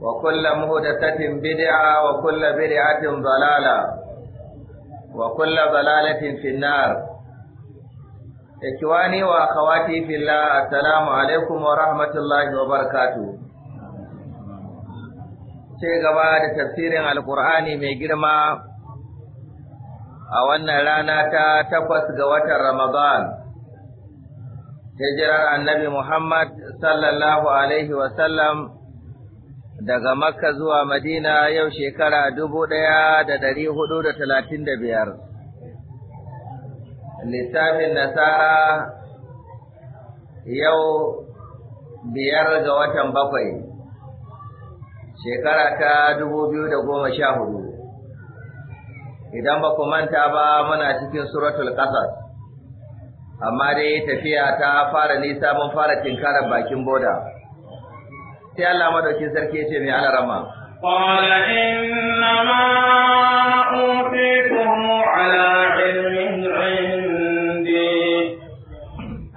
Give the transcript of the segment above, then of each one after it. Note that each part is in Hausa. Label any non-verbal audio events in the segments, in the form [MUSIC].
وكل مهدسة بدعة Dalala بدعة ضلالة وكل ضلالة في النار إخواني وأخواتي في الله السلام عليكم ورحمة wa وبركاته sai gaba da tafsirin alkur'ani mai girma a wannan rana ta takwas ga watan ramadan jirar annabi muhammad sallallahu alaihi wasallam daga Makka zuwa Madina yau shekara dubu ɗaya da ɗari hudu da talatin da biyar. Lissafin Nasara yau biyar ga watan bakwai, shekara ta dubu biyu da goma sha hudu. Idan ba ku manta ba muna cikin suratul ƙasas, amma dai tafiya ta fara nisa mun fara tinkarar bakin boda. sai Allah madaukin sarki ya ce mai alarama قال إنما أوتيته على علم عندي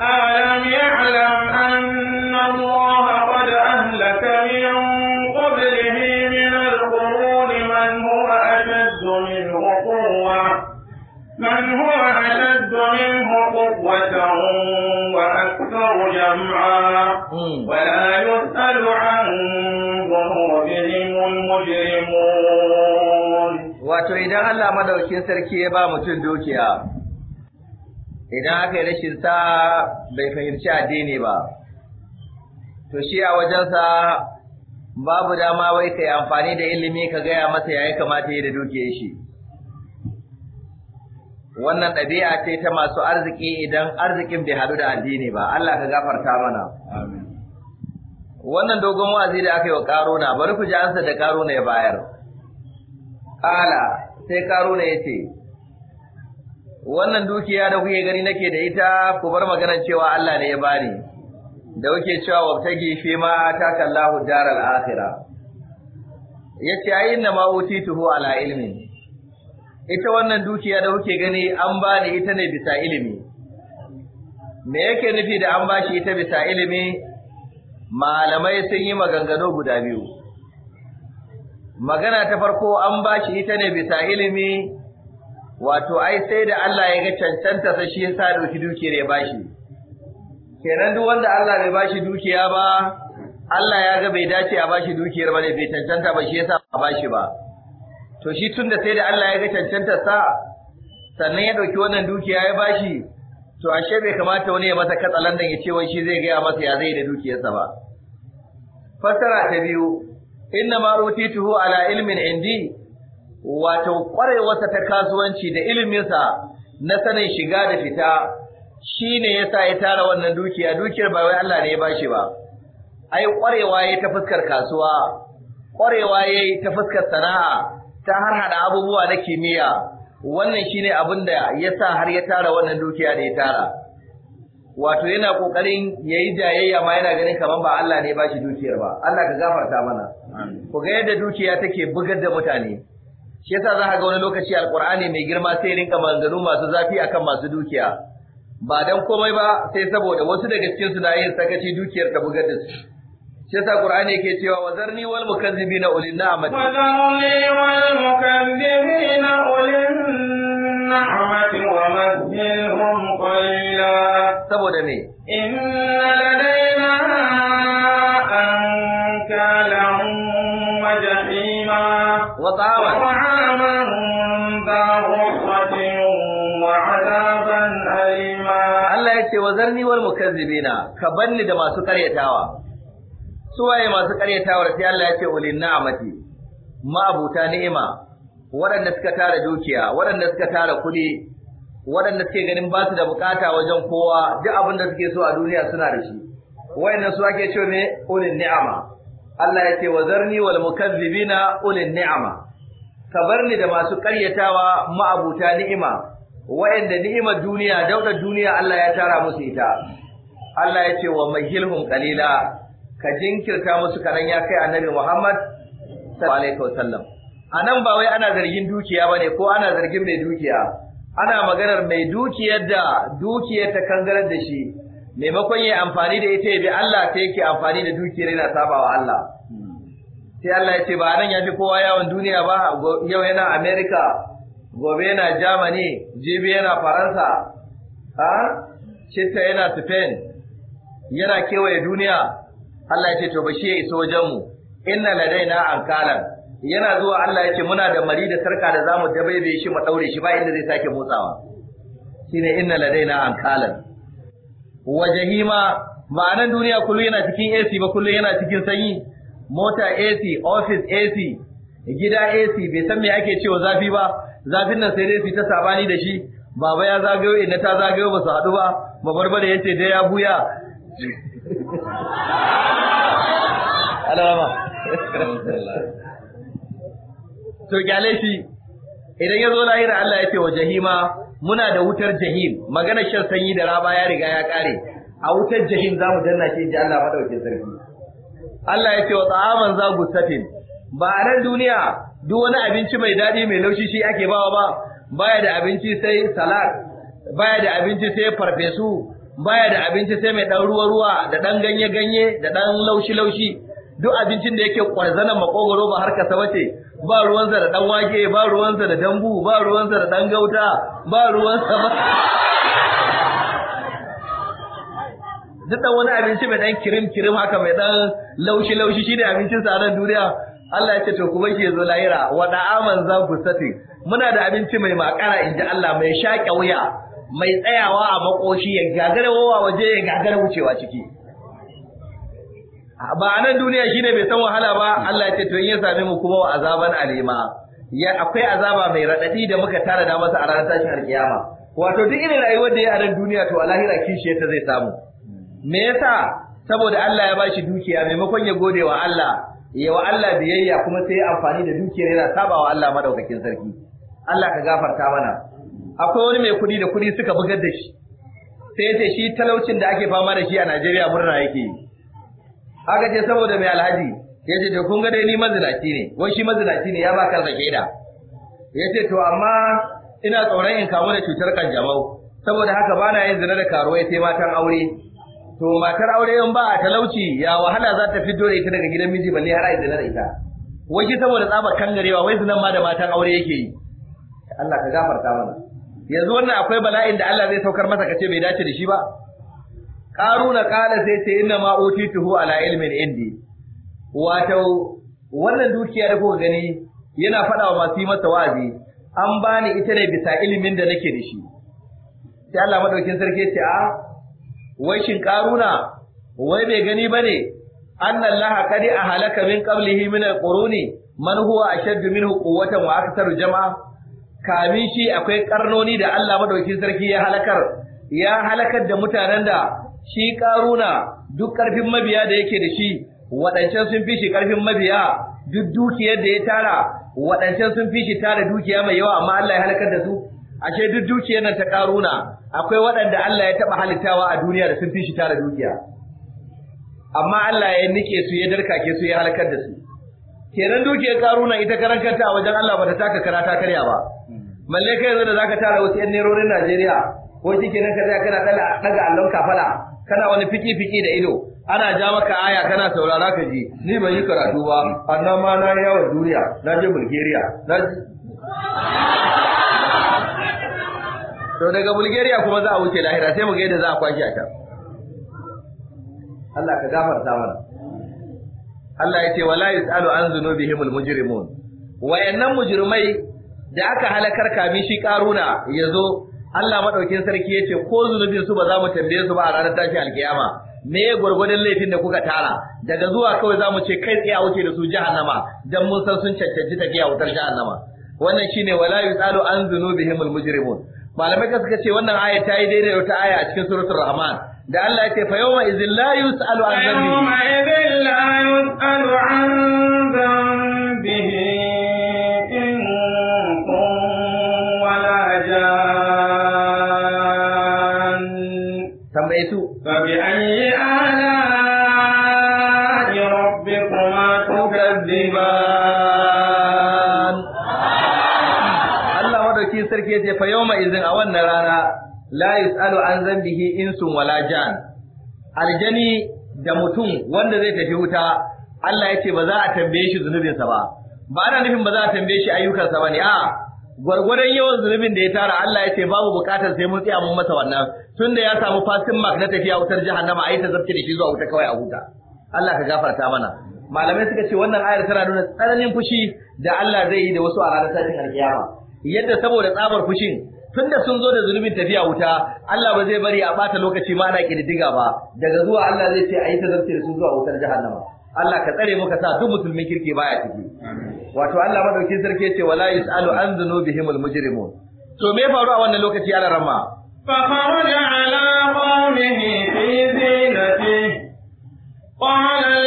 ألم يعلم أن الله قد أهلك من من هو أشد منه قوة وأكثر جمعا ولا يسأل عن ظهورهم المجرمون wato idan Allah madaukin sarki ya ba mutum dukiya idan aka yi rashin sa bai fahimci addini ba to shi a wajensa babu dama wai kai amfani da ilimi ka gaya masa yayi kamata yi da dukiyar shi wannan ɗabi'a ce ta masu arziki idan arzikin bai haɗu da addini ba Allah ka gafarta mana wannan dogon wa'azi da aka yi wa karuna bari ku ji ansa da karuna ya bayar ƙala sai karuna ya ce wannan dukiya da kuke gani nake da ita ku bar maganar cewa Allah ne ya bani da kuke cewa ta fi ma atakallahu daral akhirah yace ayyinna ma utituhu ala ilmin ita wannan dukiya da kuke gani an ba ni ita ne bisa ilimi me yake nufi da an ba shi ita bisa ilimi malamai sun yi maganganu guda biyu magana ta farko an ba shi ita ne bisa ilimi wato ai sai da Allah ya ga cancanta sai shi yasa dauki dukiyar ya shi. kenan duk wanda Allah bai bashi dukiya ba Allah ya ga bai dace a ba shi dukiyar ba ne bai cancanta ba shi yasa ba shi ba to shi tun da sai da Allah ya ga cancantar sa sannan ya ɗauki wannan dukiya ya bashi to ashe bai kamata wani ya masa katsalan katsalandan ya ce wai shi zai gaya masa ya zai da dukiyarsa ba fassara ta biyu inna ma rutituhu ala ilmin indi wato kwarewarsa ta kasuwanci da iliminsa na sanin shiga da fita shine yasa ya tara wannan dukiya dukiyar ba wai Allah ne ya bashi ba ai kwarewa yayi ta fuskar kasuwa kwarewa yayi ta fuskar sana'a ta harhaɗa abubuwa na kimiyya wannan shine abin da ya sa har ya tara wannan dukiya da ya tara wato yana kokarin yayi jayayya ma yana ganin kamar ba Allah ne ba shi dukiyar ba Allah ka gafarta mana ku ga yadda dukiya take bugar da mutane shi yasa za ka ga wani lokaci alqur'ani mai girma sai rinka manzanu masu zafi akan masu dukiya ba dan komai ba sai saboda wasu daga cikin su na yin sakaci dukiyar ta bugar da su yasa Qur'ani yake cewa wazarni wal mukazzibina ulil ni'mati wazarni wal mukazzibina ulil ni'mati wa mahilhum qalila saboda me inna ladaina ankalan wa jahima wa ta'aman wa ta'aman wa azaban alima Allah wazarni wal mukazzibina ka banni da masu karyatawa Su waye masu karyatawar sai Allah ya ce ulin na'amati ma'abuta ni'ima waɗanda suka tara dukiya waɗanda suka tara kuɗi waɗanda suke ganin ba su da bukata wajen kowa duk abin da suke so a duniya suna da shi wayannan su ake cewa me ulin ni'ama Allah ya ce wa zarni wal mukazzibina ulin ni'ama ka bar da masu karyatawa ma'abuta ni'ima wayanda ni'ima duniya daular duniya Allah ya tara musu ita Allah ya ce wa mahilhum qalila ka jinkirta musu karan ya kai annabi Muhammad sallallahu alaihi wasallam anan ba wai ana zargin dukiya ba ne ko ana zargin mai dukiya ana maganar mai dukiyar da dukiyar ta kangarar da shi maimakon yi amfani da ita bi Allah ta yake amfani da dukiyar yana sabawa Allah sai Allah ya ce ba nan fi kowa yawon duniya ba yau yana Amerika, gobe yana Germany jibi yana Faransa ha shitta yana Spain yana kewaye duniya Allah ya ce to shi ya iso wajen mu inna ladaina ankalan yana zuwa Allah ya ce muna da mari da sarka da zamu dabaibe shi mu daure shi ba inda zai sake motsawa shine inna ladaina ankalan wa jahima ma'anan duniya kullu yana cikin AC ba kullu yana cikin sanyi mota AC office AC gida AC bai san me ake cewa zafi ba zafin nan sai dai fita sabani da shi baba ya zagayo inda ta zagayo ba su haɗu ba babarbare ya ce dai ya buya alama to gyale shi idan ya zo lahira Allah ya ce wa jahima muna da wutar jahim magana shan sanyi da raba ya riga ya kare a wutar jahim zamu danna shi inji Allah madaukin sarki Allah ya ce wa ta'aman za gusatin ba a nan duniya duk wani abinci mai daɗi mai laushi shi ake bawa ba baya da abinci sai salat baya da abinci sai farfesu baya da abinci sai mai ɗan ruwa ruwa da ɗan ganye ganye da ɗan laushi laushi duk abincin da yake kwarzanan makogoro ba harka sa bace ba ruwansa da ɗan wake ba ruwansa da dambu ba ruwansa da ɗan gauta ba ruwansa ba duk ɗan wani abinci mai ɗan kirim kirim haka mai ɗan laushi laushi shi ne abincin sa nan duniya Allah ya ce to kuma ke zo lahira wa da'aman za ku muna da abinci mai makara inji Allah mai shaƙe wuya mai tsayawa a makoshi ya gagara wawa waje ya gagara wucewa ciki ba a nan duniya shine bai san wahala ba Allah ya ce to in ya same mu kuma wa azaban alima ya akwai azaba mai radadi da muka tara da masa a ranar tashin alkiyama wato duk irin rayuwar da ya a nan duniya to a lahira kishi ta zai samu me yasa saboda Allah ya bashi dukiya maimakon ya gode wa Allah ya wa Allah biyayya kuma sai amfani da dukiyar yana sabawa Allah madaukakin sarki Allah ka gafarta mana akwai wani mai kuɗi da kuɗi suka bugar da shi sai ya ce shi talaucin da ake fama da shi a Najeriya murna yake yi aka ce saboda mai alhaji ya ce to kun ga dai ni mazinaci ne wai shi mazinaci ne ya ba kar da ya ce to amma ina tsoron in kamu da cutar kanjamau saboda haka bana yin zina da karuwa sai matan aure to matar aure in ba a talauci ya wahala za ta fito da ita daga gidan miji balle har ai zina da ita wai shi saboda tsaba kangarewa wai zinan ma da matan aure yake yi Allah ka gafarta mana yanzu wannan akwai bala'in da Allah zai saukar masa kace bai dace da shi ba qaruna qala sai ce inna ma utituhu ala ilmin indi wato wannan dukiya da kuka gani yana faɗawa wa masu yi masa wa'azi an bani ita ne bisa ilimin da nake da shi sai Allah madaukin sarki ce a wai shin qaruna wai bai gani bane anna allaha qadi ahalaka min qablihi min alquruni man huwa ashaddu minhu quwwatan wa aktharu jama'a kamin shi akwai karnoni da Allah madaukin sarki ya halakar ya halakar da mutanen da shi karuna duk karfin mabiya da yake da shi waɗancan sun fi shi karfin mabiya duk dukiyar da ya tara waɗancan sun fi shi tara dukiya mai yawa amma Allah ya halakar da su ashe duk dukiyar nan ta karuna akwai waɗanda Allah ya taɓa halittawa a duniya da sun fi shi tara dukiya amma Allah ya nike su ya darkake su ya halakar da su kenan dukiyar karuna ita karan kanta a wajen Allah ba ta taka karata karya ba malle kai yanzu da zaka tara wasu yan nerorin Najeriya ko shi kenan ka tsaya kana dala daga allon kafala kana wani fiki fiki da ido ana ja maka aya kana saurara ka ji ni ban yi karatu ba annan ma na yawo duniya na je Bulgaria na [LAUGHS] to daga Bulgaria kuma za a wuce lahira sai mu ga yadda za a kwashi a ta Allah ka gafarta mana Allah ya ce wala yusalu an zunubihimul mujrimun wayannan mujrimai da aka halakar kami shi karuna yazo Allah madaukin sarki ya ce ko zunubin su ba za mu tambaye su ba a ranar tashi alkiyama me gurgurdin laifin da kuka tara daga zuwa kawai za mu ce kai tsaye a wuce da su jahannama dan mun san sun cancanci tafiya a wutar jahannama wannan shine wala yusalu an zunubihimul mujrimun malamai suka ce wannan aya ta yi daidai da wata aya a cikin suratul rahman da Allah ya ce fa yawma idhil la yus'alu an dhanbi yawma idhil la yus'alu an dhanbihi tambaye su fa bi ayyi ala'i rabbikuma tukadziban Allah madauki sarki ya ce fa yawma idhin a wannan rana la yusalu an zambihi insun wala jan aljani da mutum wanda zai tafi wuta Allah ya ce ba za a tambaye shi zunubinsa ba ba ana nufin ba za a tambaye shi ayyukansa ba ne a gwargwadon yawan zunubin da ya tara Allah ya ce babu bukatar sai mun tsaya mun masa wannan tunda ya samu fasin mark na tafiya wutar jahannama ayi ta zafi da shi zuwa wuta kawai a huta Allah ka gafarta mana malamai suka ce wannan ayar tana nuna tsananin fushi da Allah zai yi da wasu a ranar tashin alkiyama yadda saboda tsabar fushin tunda sun zo da zunubin tafiya wuta Allah ba zai bari a bata lokaci ma ana kididdiga ba daga zuwa Allah zai ce a yi ayi tazartir su zuwa wutar jahannama Allah ka tsare muka sa duk musulmin kirki baya ciki wato Allah madaukin sarki ce wala yusalu an dhunubihimul mujrimun to me faru a wannan lokaci ala ramma fa kharaja ala qawmihi fi zinati qala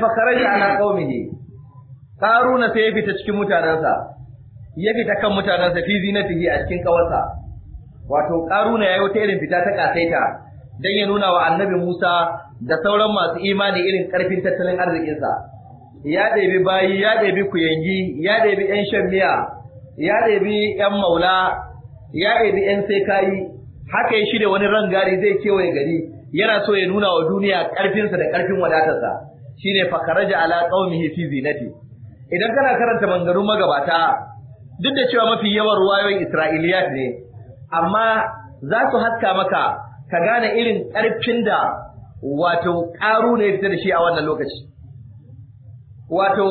fa kharaja ala qaumihi qaruna sai ya fita cikin mutanansa ya fita kan mutanansa fi zinatihi a cikin kawarsa wato qaruna yayi wata irin fita ta kasaita dan ya nuna wa annabi Musa da sauran masu imani irin karfin tattalin arzikinsa ya ɗebi bayi ya ɗebi kuyangi ya ɗebi 'yan shan miya ya ɗebi 'yan maula ya ɗebi 'yan sai kayi haka ya shirya wani rangari zai kewaye gari yana so ya nuna wa duniya ƙarfinsa da ƙarfin wadatarsa shine fa karaja ala qaumihi fi zinati idan kana karanta bangaru magabata duk da cewa mafi yawan ruwayoyin Isra'iliyat ne amma za su haska maka ka gane irin ƙarfin da wato ƙaru ne fita da shi a wannan lokaci wato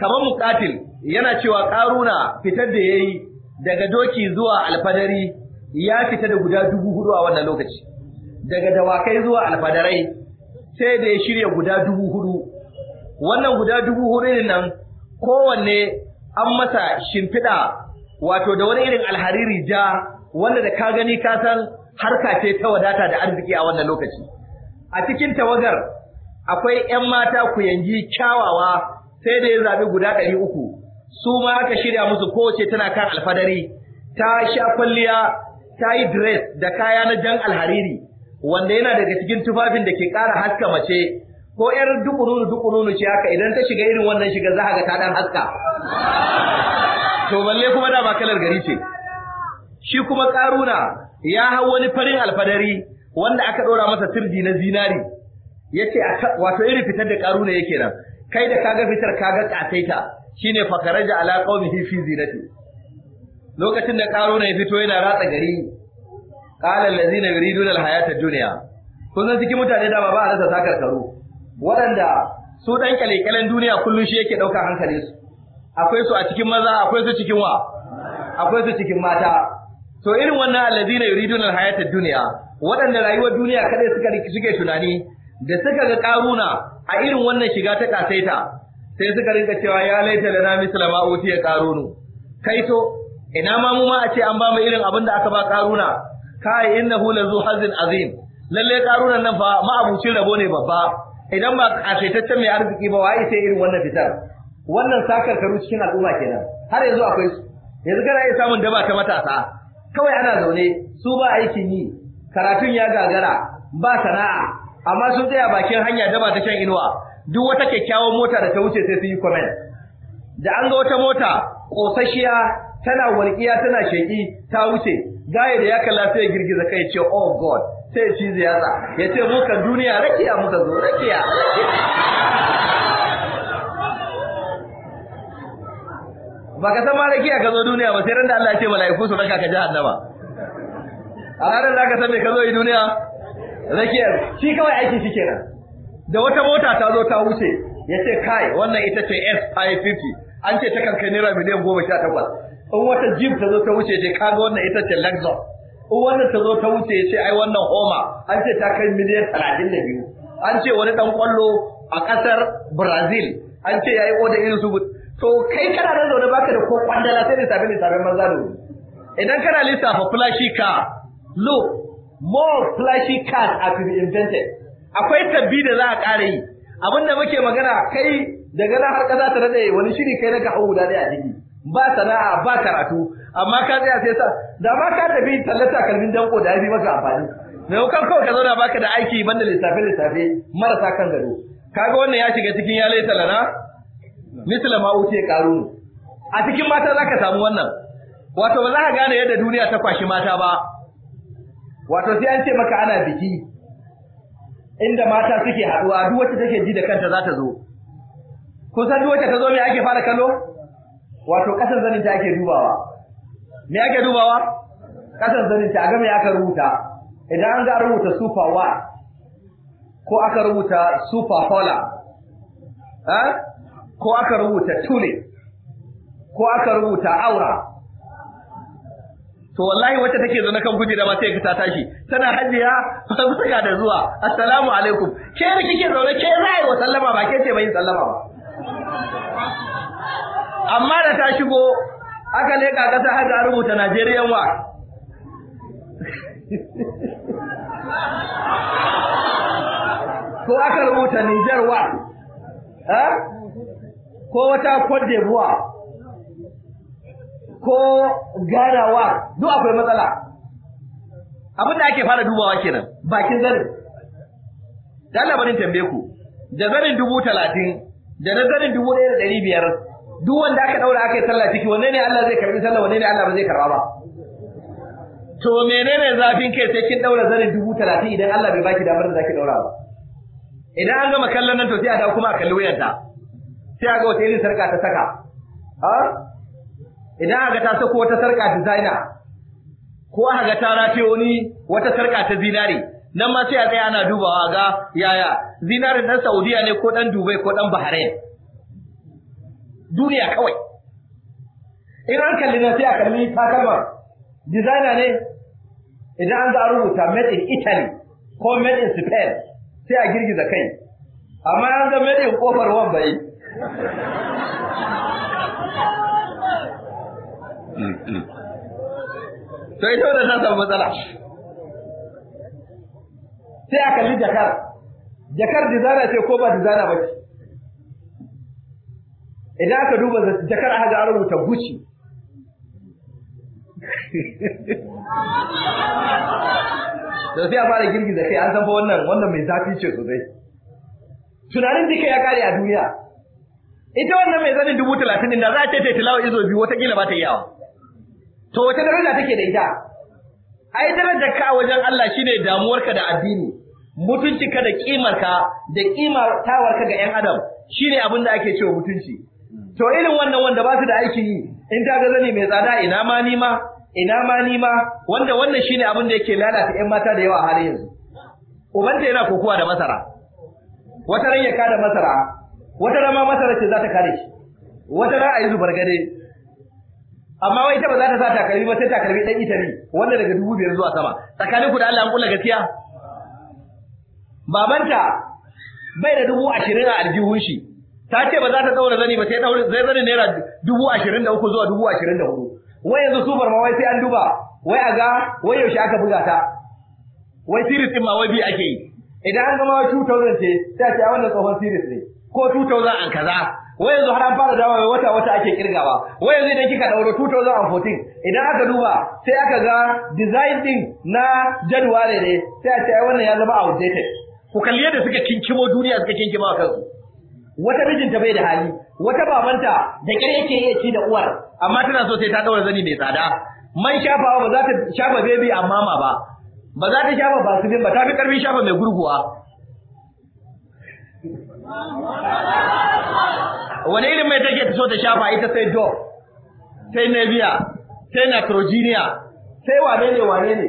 kamar muqatil yana cewa ƙaruna fitar da yayi daga doki zuwa alfadari ya fita da guda dubu hudu a wannan lokaci daga dawakai zuwa alfadarai sai da ya shirya guda dubu hudu wannan guda dubu hudu nan kowanne an masa shimfiɗa wato da wani irin alhariri ja wanda da ka gani ka san harka ce ta wadata da arziki a wannan lokaci a cikin tawagar akwai 'yan mata ku yanji kyawawa sai da ya zaɓi guda ɗari uku su ma aka shirya musu kowace tana kan alfadari ta sha kwalliya ta yi dress da kaya na jan alhariri wanda yana daga cikin tufafin da ke ƙara haska mace ko ƴar dukununu dukununu ce haka idan ta shiga irin wannan shiga za ga ta dan haska to balle kuma da ba kalar gari ce shi kuma karuna ya hau wani farin alfadari wanda aka ɗora masa sirji na zinari yace wato irin fitar da karuna yake nan kai da kaga fitar kaga kataita shine fakaraja ala qaumihi fi zinati lokacin da karuna ya fito yana ratsa gari na allazina yuriduna hayatar duniya. kun san cikin mutane da ba a rasa sakarkaru waɗanda su ɗan kalekalen duniya kullum shi yake ɗauka hankalin su akwai su a cikin maza akwai su cikin wa akwai su cikin mata to irin wannan allazina yuriduna hayatar duniya, waɗanda rayuwar duniya kaɗai suka suke tunani da suka ga ƙaruna a irin wannan shiga ta ƙasaita, sai suka rinka cewa ya laita na misla ma ƙarunu. Kai kaito ina ma mu ma a ce an ba mu irin abin da aka ba ƙaruna? kai innahu lazu hazin azim lalle karunan nan fa ma'abucin rabo ne babba idan ba kasaitaccen mai arziki ba wai sai irin wannan fitar wannan sakar karu cikin al'umma kenan har yanzu akwai su yanzu kana iya samun daba ta matasa kawai ana zaune su ba aikin yi karatun ya gagara ba sana'a amma sun tsaya bakin hanya daba ta shan inuwa duk wata kyakkyawar mota da ta wuce sai su yi comment da an ga wata mota kosasshiya tana walƙiya tana sheƙi ta wuce gaya da ya kalla sai girgiza kai ce oh god sai shi ziyara ya ce muka duniya rakiya muka zo rakiya ba ka san ma rakiya ka zo duniya ba sai ran da Allah ya ce mala'iku su raka ka annaba a ranar da ka san me ka zo yi duniya rakiya shi kawai aiki shi kenan da wata mota ta zo ta wuce ya ce kai wannan ita ce S550 an ce ta kan kai naira miliyan goma sha takwas in wata jeep ta zo ta wuce ce kaga wannan ita ce Lexus in wannan ta zo ta wuce ce ai wannan Homa an ce ta kai miliyan 32 an ce wani dan kwallo a kasar Brazil an ce yayi oda irin su to kai kana nan zaune baka da ko kwandala sai da sabbin sabbin maza da idan kana lissafa flashy car look more flashy cars have been invented akwai tabbi da za a ƙara yi abinda muke magana kai daga na har ƙasa ta rade wani shiri kai na ka hau guda ɗaya a jiki. ba sana'a ba karatu amma ka tsaya sai sa da ma ka da bi tallata kalmin danko da yafi maka amfani mai kan kawai ka zauna baka da aiki banda lissafe lissafe marasa kan gado kaga wannan ya shiga cikin ya laita lana misla ma wuce karu. a cikin mata zaka samu wannan wato ba za ka gane yadda duniya ta kwashi mata ba wato sai an ce maka ana biki inda mata suke haɗuwa duk wacce take ji da kanta za ta zo kusan duk wacce ta zo me ake fara kallo wato kasar zanin ake dubawa me ake dubawa kasan zanin ta ga me aka rubuta idan an ga rubuta super wa ko aka rubuta super fola, eh, ko aka rubuta tule ko aka rubuta aura to wallahi wacce take zo na kan guje da ba sai ta tashi tana hajiya [LAUGHS] ba saka da zuwa assalamu alaikum ke ne kike zaune ke za wa sallama ba ke ce bai sallama ba amma da ta shigo aka leka kasa da rubuta Najeriyan wa ko aka rubuta Niger wa eh? ko wata Cote d'Ivoire ko Ghana wa duk akwai matsala abin da ake fara dubawa kenan bakin zarin dan labarin tambaye ku da zarin dubu talatin da na zarin dubu ɗaya da ɗari biyar duk wanda aka daura aka yi sallah ciki wanne ne Allah zai karbi sallah wanne ne Allah ba zai karba ba to menene zafin kai sai kin daura zarin dubu talatin idan Allah bai baki damar da zaki daura ba idan an gama kallon nan to sai a dawo kuma a kalli da. sai a ga wata irin sarka ta saka ha idan aka ta sako wata sarka designer ko aka ga ta rafe wani wata sarka ta zinare nan ma sai a tsaya ana dubawa ga yaya zinarin dan Saudiya ne ko dan Dubai ko dan Bahrain duniya kawai idan an kalli na sai a kalli takalma designer ne idan an za a rubuta made in Italy ko made in Spain sai a girgiza kai amma an za made in kofar wambai mm, mm. to ita wadda ta samu matsala sai a kalli jakar jakar designer ce ko ba designer ba ce idan aka duba jakar aka ga an rubuta guci da [LAUGHS] sai a fara girgiza kai an san fa wannan wannan mai zafi ce sosai tunanin duka ya kare a duniya ita wannan mai zanin dubu talatin din da za ta ce tilawa izo biyu watakila ba ta yi yawa to wata daraja take da ita ai darajar ka wajen Allah shine damuwarka da addini mutuncinka da kimarka da kimar tawarka ga 'yan adam shine abin da ake cewa mutunci to irin wannan wanda ba su da aikin yi in ta ga zane mai tsada ina ma nima, ma ina ma nima, ma wanda wannan shine abin da yake lalata 'yan mata da yawa a halin yanzu ubanta yana kokowa da masara wata ran ya da masara wata ran ma masara ce za ta kare shi wata ran ayi zubar gade amma wai ita ba za ta sa takalmi ba sai takalmi dan ita ne wanda daga dubu biyar zuwa sama tsakanin ku da Allah an kula gaskiya babanta bai da dubu ashirin a aljihun shi ta ce ba za ta daura zani ba sai zai zani naira dubu ashirin da uku zuwa dubu ashirin da hudu wai yanzu sufar ma wai sai an duba wai a ga wai yaushe aka buga ta wai siris din ma wai bi ake yi idan an gama 2000 ce sai a ce wannan tsohon siris ne ko 2000 an kaza wai yanzu har an fara dawo wata wata ake kirgawa wai yanzu idan kika dauro 2014 idan aka duba sai aka ga design din na January ne sai a ce ai wannan ya zama outdated ku kalli yadda suka kinkimo duniya suka kinkima kansu wata mijinta bai da hali wata babanta da kare yake iya ci da uwar amma tana so sai ta daura zani mai tsada man shafawa ba za ta shafa bebe a mama ba ba za ta shafa basilin ba ta fi karfin shafa mai gurguwa wani irin mai take ta so ta shafa ita sai do sai Nevia, sai nitrogenia sai wane ne wane ne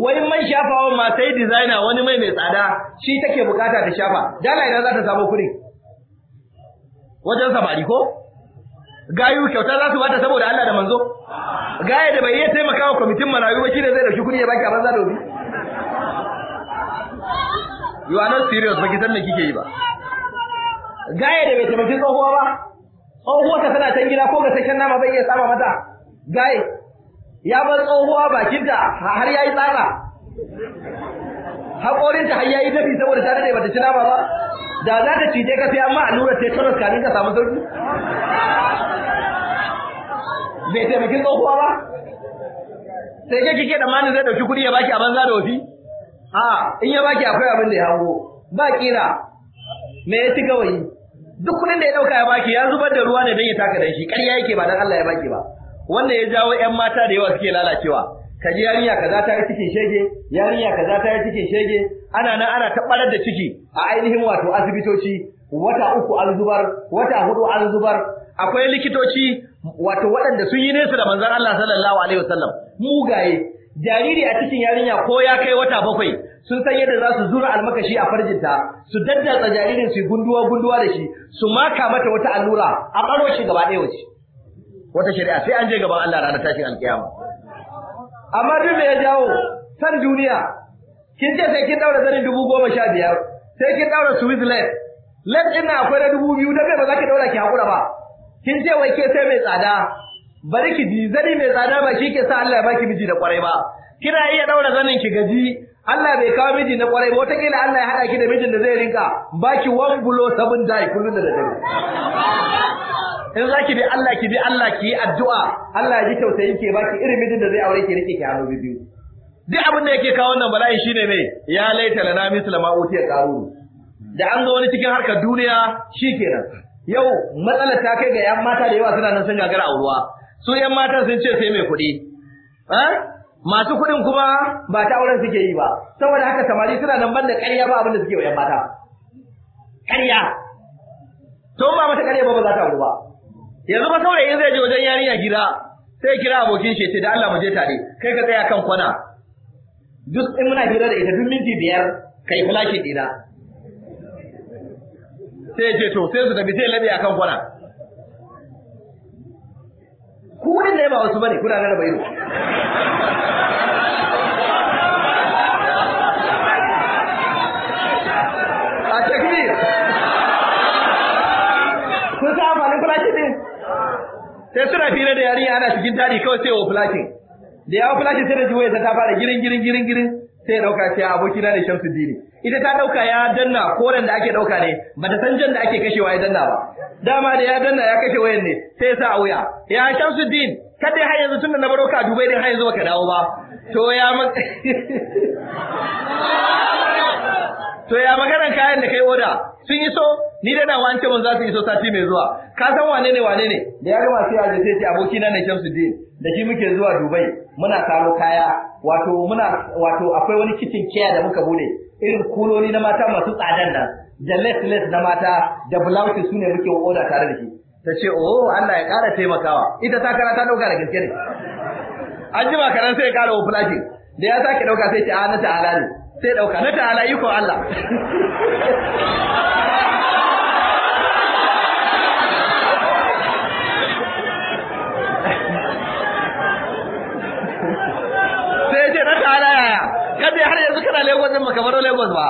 wai man shafawa ma sai designer wani mai mai tsada shi take bukata ta shafa dala idan za ta samu kuɗi wajen samari ko gayu kyauta za su bata saboda Allah da manzo gaya da bai iya taimaka wa kwamitin marayu ba shine zai dauki kuni ya baki a banza dobi you are not serious ba ki san me kike yi ba gaya da bai taimaki tsohuwa ba tsohuwa ta tana can gida ko ga sashen nama bai iya tsama mata gaya ya bar tsohuwa bakinta har yayi tsara haƙorinta har yayi tafi saboda ta dade bata ci nama ba da za ka cije ka sai amma lura sai karas kamin ka samu sauki bai taimaki tsohuwa ba sai ke kike da mani zai dauki kuɗi ya baki a banza da wafi a in ya baki akwai abin da ya hango ba kira me ya ci gawayi duk kudin da ya dauka ya baki ya zubar da ruwa ne don ya taka da shi ƙarya yake ba dan Allah ya baki ba wanda ya jawo ƴan mata da yawa suke lalacewa kaji yarinya kaza ta yi cikin shege yarinya kaza ta yi cikin shege ana nan ana taɓarar da ciki a ainihin wato asibitoci wata uku al'zubar wata hudu al'zubar akwai likitoci wato waɗanda sun yi nesa da manzon Allah sallallahu alaihi wasallam mugaye jariri a cikin yarinya ko ya kai wata bakwai sun san yadda za su zura almakashi a farjinta su daddatsa jaririn su gunduwa gunduwa da shi su maka mata wata allura a ɓaro shi gaba ɗaya wace wata shari'a sai an je gaban Allah ranar tashin alkiyama amma duk da ya jawo san duniya kin ce sai kin daura zanin dubu goma sha biyar sai kin daura Switzerland let. led din na akwai na dubu biyu da ba za ki daura ki hakura ba kin ce wai ke sai mai tsada bari ki ji zani mai tsada ba shi ke sa Allah ya baki miji da kwarai ba kina iya daura zanin ki gaji Allah bai kawo miji na kwarai ba kila Allah ya hada ki da mijin da zai rinka baki one below seven die kullum da dare in za ki bi Allah ki bi Allah ki yi addu'a Allah ya ji tausayin ke baki irin mijin da zai aure ki rike ki hannu biyu duk abin da yake kawo wannan bala'i shine ne ya laita lana misla ma utiya qarun da an zo wani cikin harkar duniya shikenan yau matsalar ta kai ga yan mata da yawa suna nan sun gagara auruwa su yan mata sun ce sai mai kuɗi masu kuɗin kuma ba ta auren suke yi ba saboda haka samari suna nan banda ƙarya ba abin da suke wa yan mata ƙarya to ba mata ƙarya ba ba za ta auru ba yanzu ba saurayin zai je wajen yarinya gida sai kira abokin shi ce da Allah mu je tare kai ka tsaya kan kwana duk in muna hira da ita duk minti biyar ka yi flashin dina sai ya ce to sai su tafi sai labi a kan kwana ku wurin da ya ba wasu bane kuna na raba a cikin kun sa amfanin flashin din sai suna fira da yarinya ana cikin tari kawai sai wa flashin da ya flashe sai da ji wayarsa ta fara girin girin girin girin sai ya dauka sai aboki na ne dini ita ta dauka ya danna koren da ake dauka ne ba ta san jan da ake kashewa ya danna ba dama da ya danna ya kashe wayan ne sai ya sa a wuya ya shamsu Shamsuddin kada har yanzu tunda na baro ka dubai din har yanzu baka dawo ba to ya [LAUGHS] to ya maganar kayan da kai oda sun iso ni da na wance mun za su iso sati mai zuwa ka san wane ne wane ne da ya gama sai ya je sai ce aboki na ne Shamsuddin da shi muke zuwa Dubai muna karo kaya wato muna wato akwai wani kitchen care da muka bude irin kuloni na mata masu tsadan nan da less na mata da blouse su ne muke oda tare da shi ta ce oh Allah ya kara taimakawa ita ta kara ta dauka da gaske ne an jima karan sai ya kara da ya sake dauka sai ta ana ta halali sai dauka na ta halayi ko Allah [LAUGHS] kada har yanzu kana Lagos din baka baro Lagos ba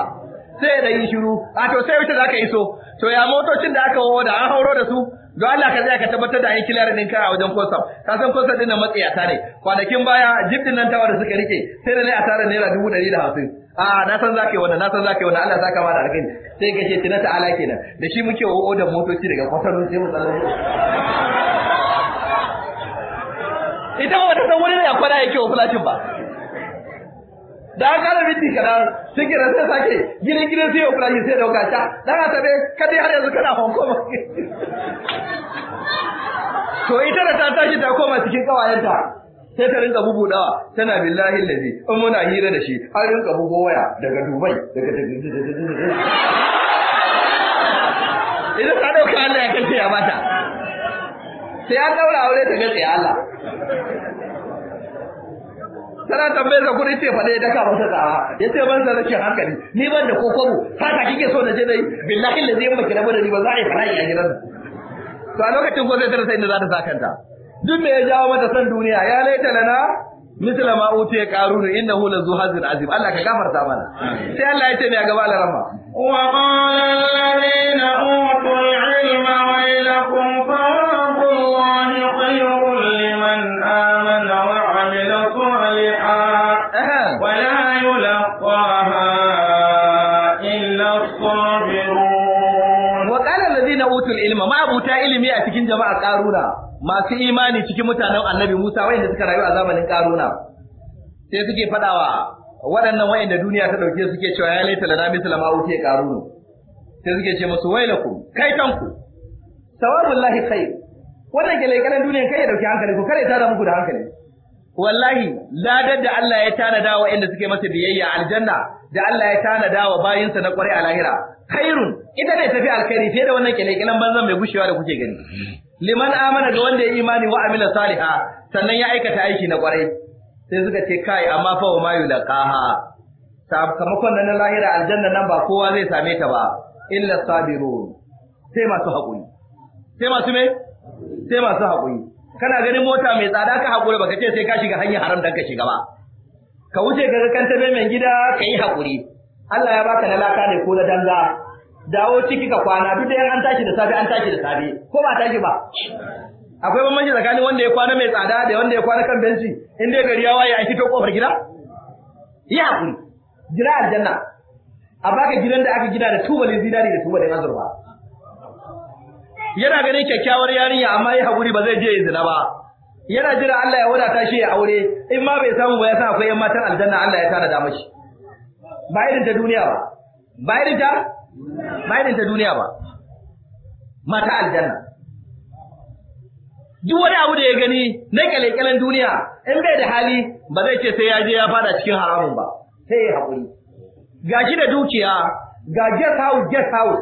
sai da yi shiru a to sai wuce zaka iso to ya motocin da aka wawo da an hauro da su don Allah ka zai ka tabbatar da ayi kilar din kara a wajen kosam ka san kosam din na matsiyata ne kwanakin baya jibdin nan tawa da suka rike sai da ne asarar naira dubu ɗari da hamsin a na san ka yi wannan na san ka yi wannan Allah zaka ba da alƙin sai ka ce tina ala kenan da shi muke wawo da motoci daga kwatannin sai mu tsara ita ba ta san wani ne a kwana yake wa fulacin ba da an da minti kaɗan sai kira sai sake gidan gidan sai yau kulaji sai dauka ta dan ka tabe kadai har yanzu kana hong kong to ita da ta tashi ta koma cikin kawayenta sai ta rinka bubudawa tana billahi lazi in muna hira da shi har rinka bubu waya daga dubai daga idan ka dauka Allah ya kace ya mata sai an daura aure ta ga Allah Sana tambayar ka kuɗi ce faɗa ya daka masa tsawa ya ce ban sa rashin hankali ni ban da kokobo haka kike so na je dai billahi la zai maki da ni ba za a yi a gidan to a lokacin ko zai tara sai inda za ta sakanta duk me ya jawo mata san duniya ya laita lana misla ma utiya qarun innahu la zuhazin azim Allah ka gafarta mana sai Allah ya ce me a gaba rama. wa qala alladhina utul ilma wa ilakum fa ma'abuta ilimi a cikin jama'a ƙaruna masu imani cikin mutanen annabi Musa wayanda suka rayu a zamanin ƙaruna. sai suke fadawa waɗannan wayanda duniya ta dauke suke cewa ya laita lana misla ma uke karunu sai suke ce musu wailakum kai tanku sawabullahi khair wannan gelekalen duniya kai ya dauki hankali ku kare tara muku da hankali wallahi ladar da Allah ya tana wa inda suke masa biyayya aljanna da Allah ya tanada wa bayinsa na kwarai a lahira khairun ita ne tafi alkhairi fiye da wannan kelekelen banzan mai gushewa da kuke gani liman amana ga wanda ya imani wa amila saliha sannan ya aikata aiki na kwarai sai suka ce kai amma fa wa mayu qaha sakamakon nan na lahira aljanna nan ba kowa zai same ta ba illa sabirun sai masu haƙuri sai masu me sai masu haƙuri kana ganin mota mai tsada ka haƙuri baka ce sai ka shiga hanyar haram dan ka shiga ba ka wuce ga kan tabe mai gida ka yi haƙuri Allah ya baka nalaka ne ko na danza. dawo ciki ka kwana duk da 'yan an tashi da safe an tashi da safe ko ba tashi ba akwai bambanci tsakanin wanda ya kwana mai tsada da wanda ya kwana kan benci in dai gari ya waye an fito kofar gida yi hakuri jira aljanna a baka gidan da aka gina da tubalin zinari da tubalin azurfa yana ganin kyakkyawar yarinya amma yi hakuri ba zai je ya zina ba yana jira Allah ya wadata shi ya aure in ma bai samu ba ya san akwai yan matan aljanna Allah ya tana da mashi ba irin ta duniya ba ba irin ta ba ta duniya ba mata aljanna duk wani abu da ya gani na kyalekyalen duniya in bai da hali ba zai ce sai ya je ya fada cikin haramun ba sai ya haƙuri gashi da dukiya ga guest house guest house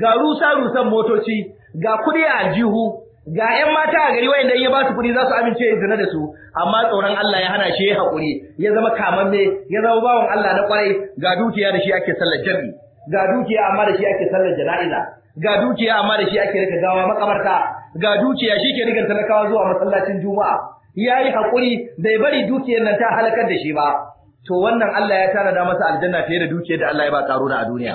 ga rusa rusan motoci ga kuɗi a aljihu ga ƴan mata a gari wayanda in ya ba su kuɗi za su amince ya zina da su amma tsoron Allah ya hana shi ya haƙuri ya zama kamamme ya zama bawan Allah na ƙwarai ga dukiya da shi ake sallar jami'i ga dukiya amma da shi ake sallar jana'iza ga dukiya amma da shi ake rika gawa makabarta ga dukiya shi ke rigar talakawa zuwa masallacin juma'a yayi hakuri bai bari dukiyar nan ta halakar da shi ba to wannan Allah ya tanada masa aljanna fiye da dukiyar da Allah ya ba karuna a duniya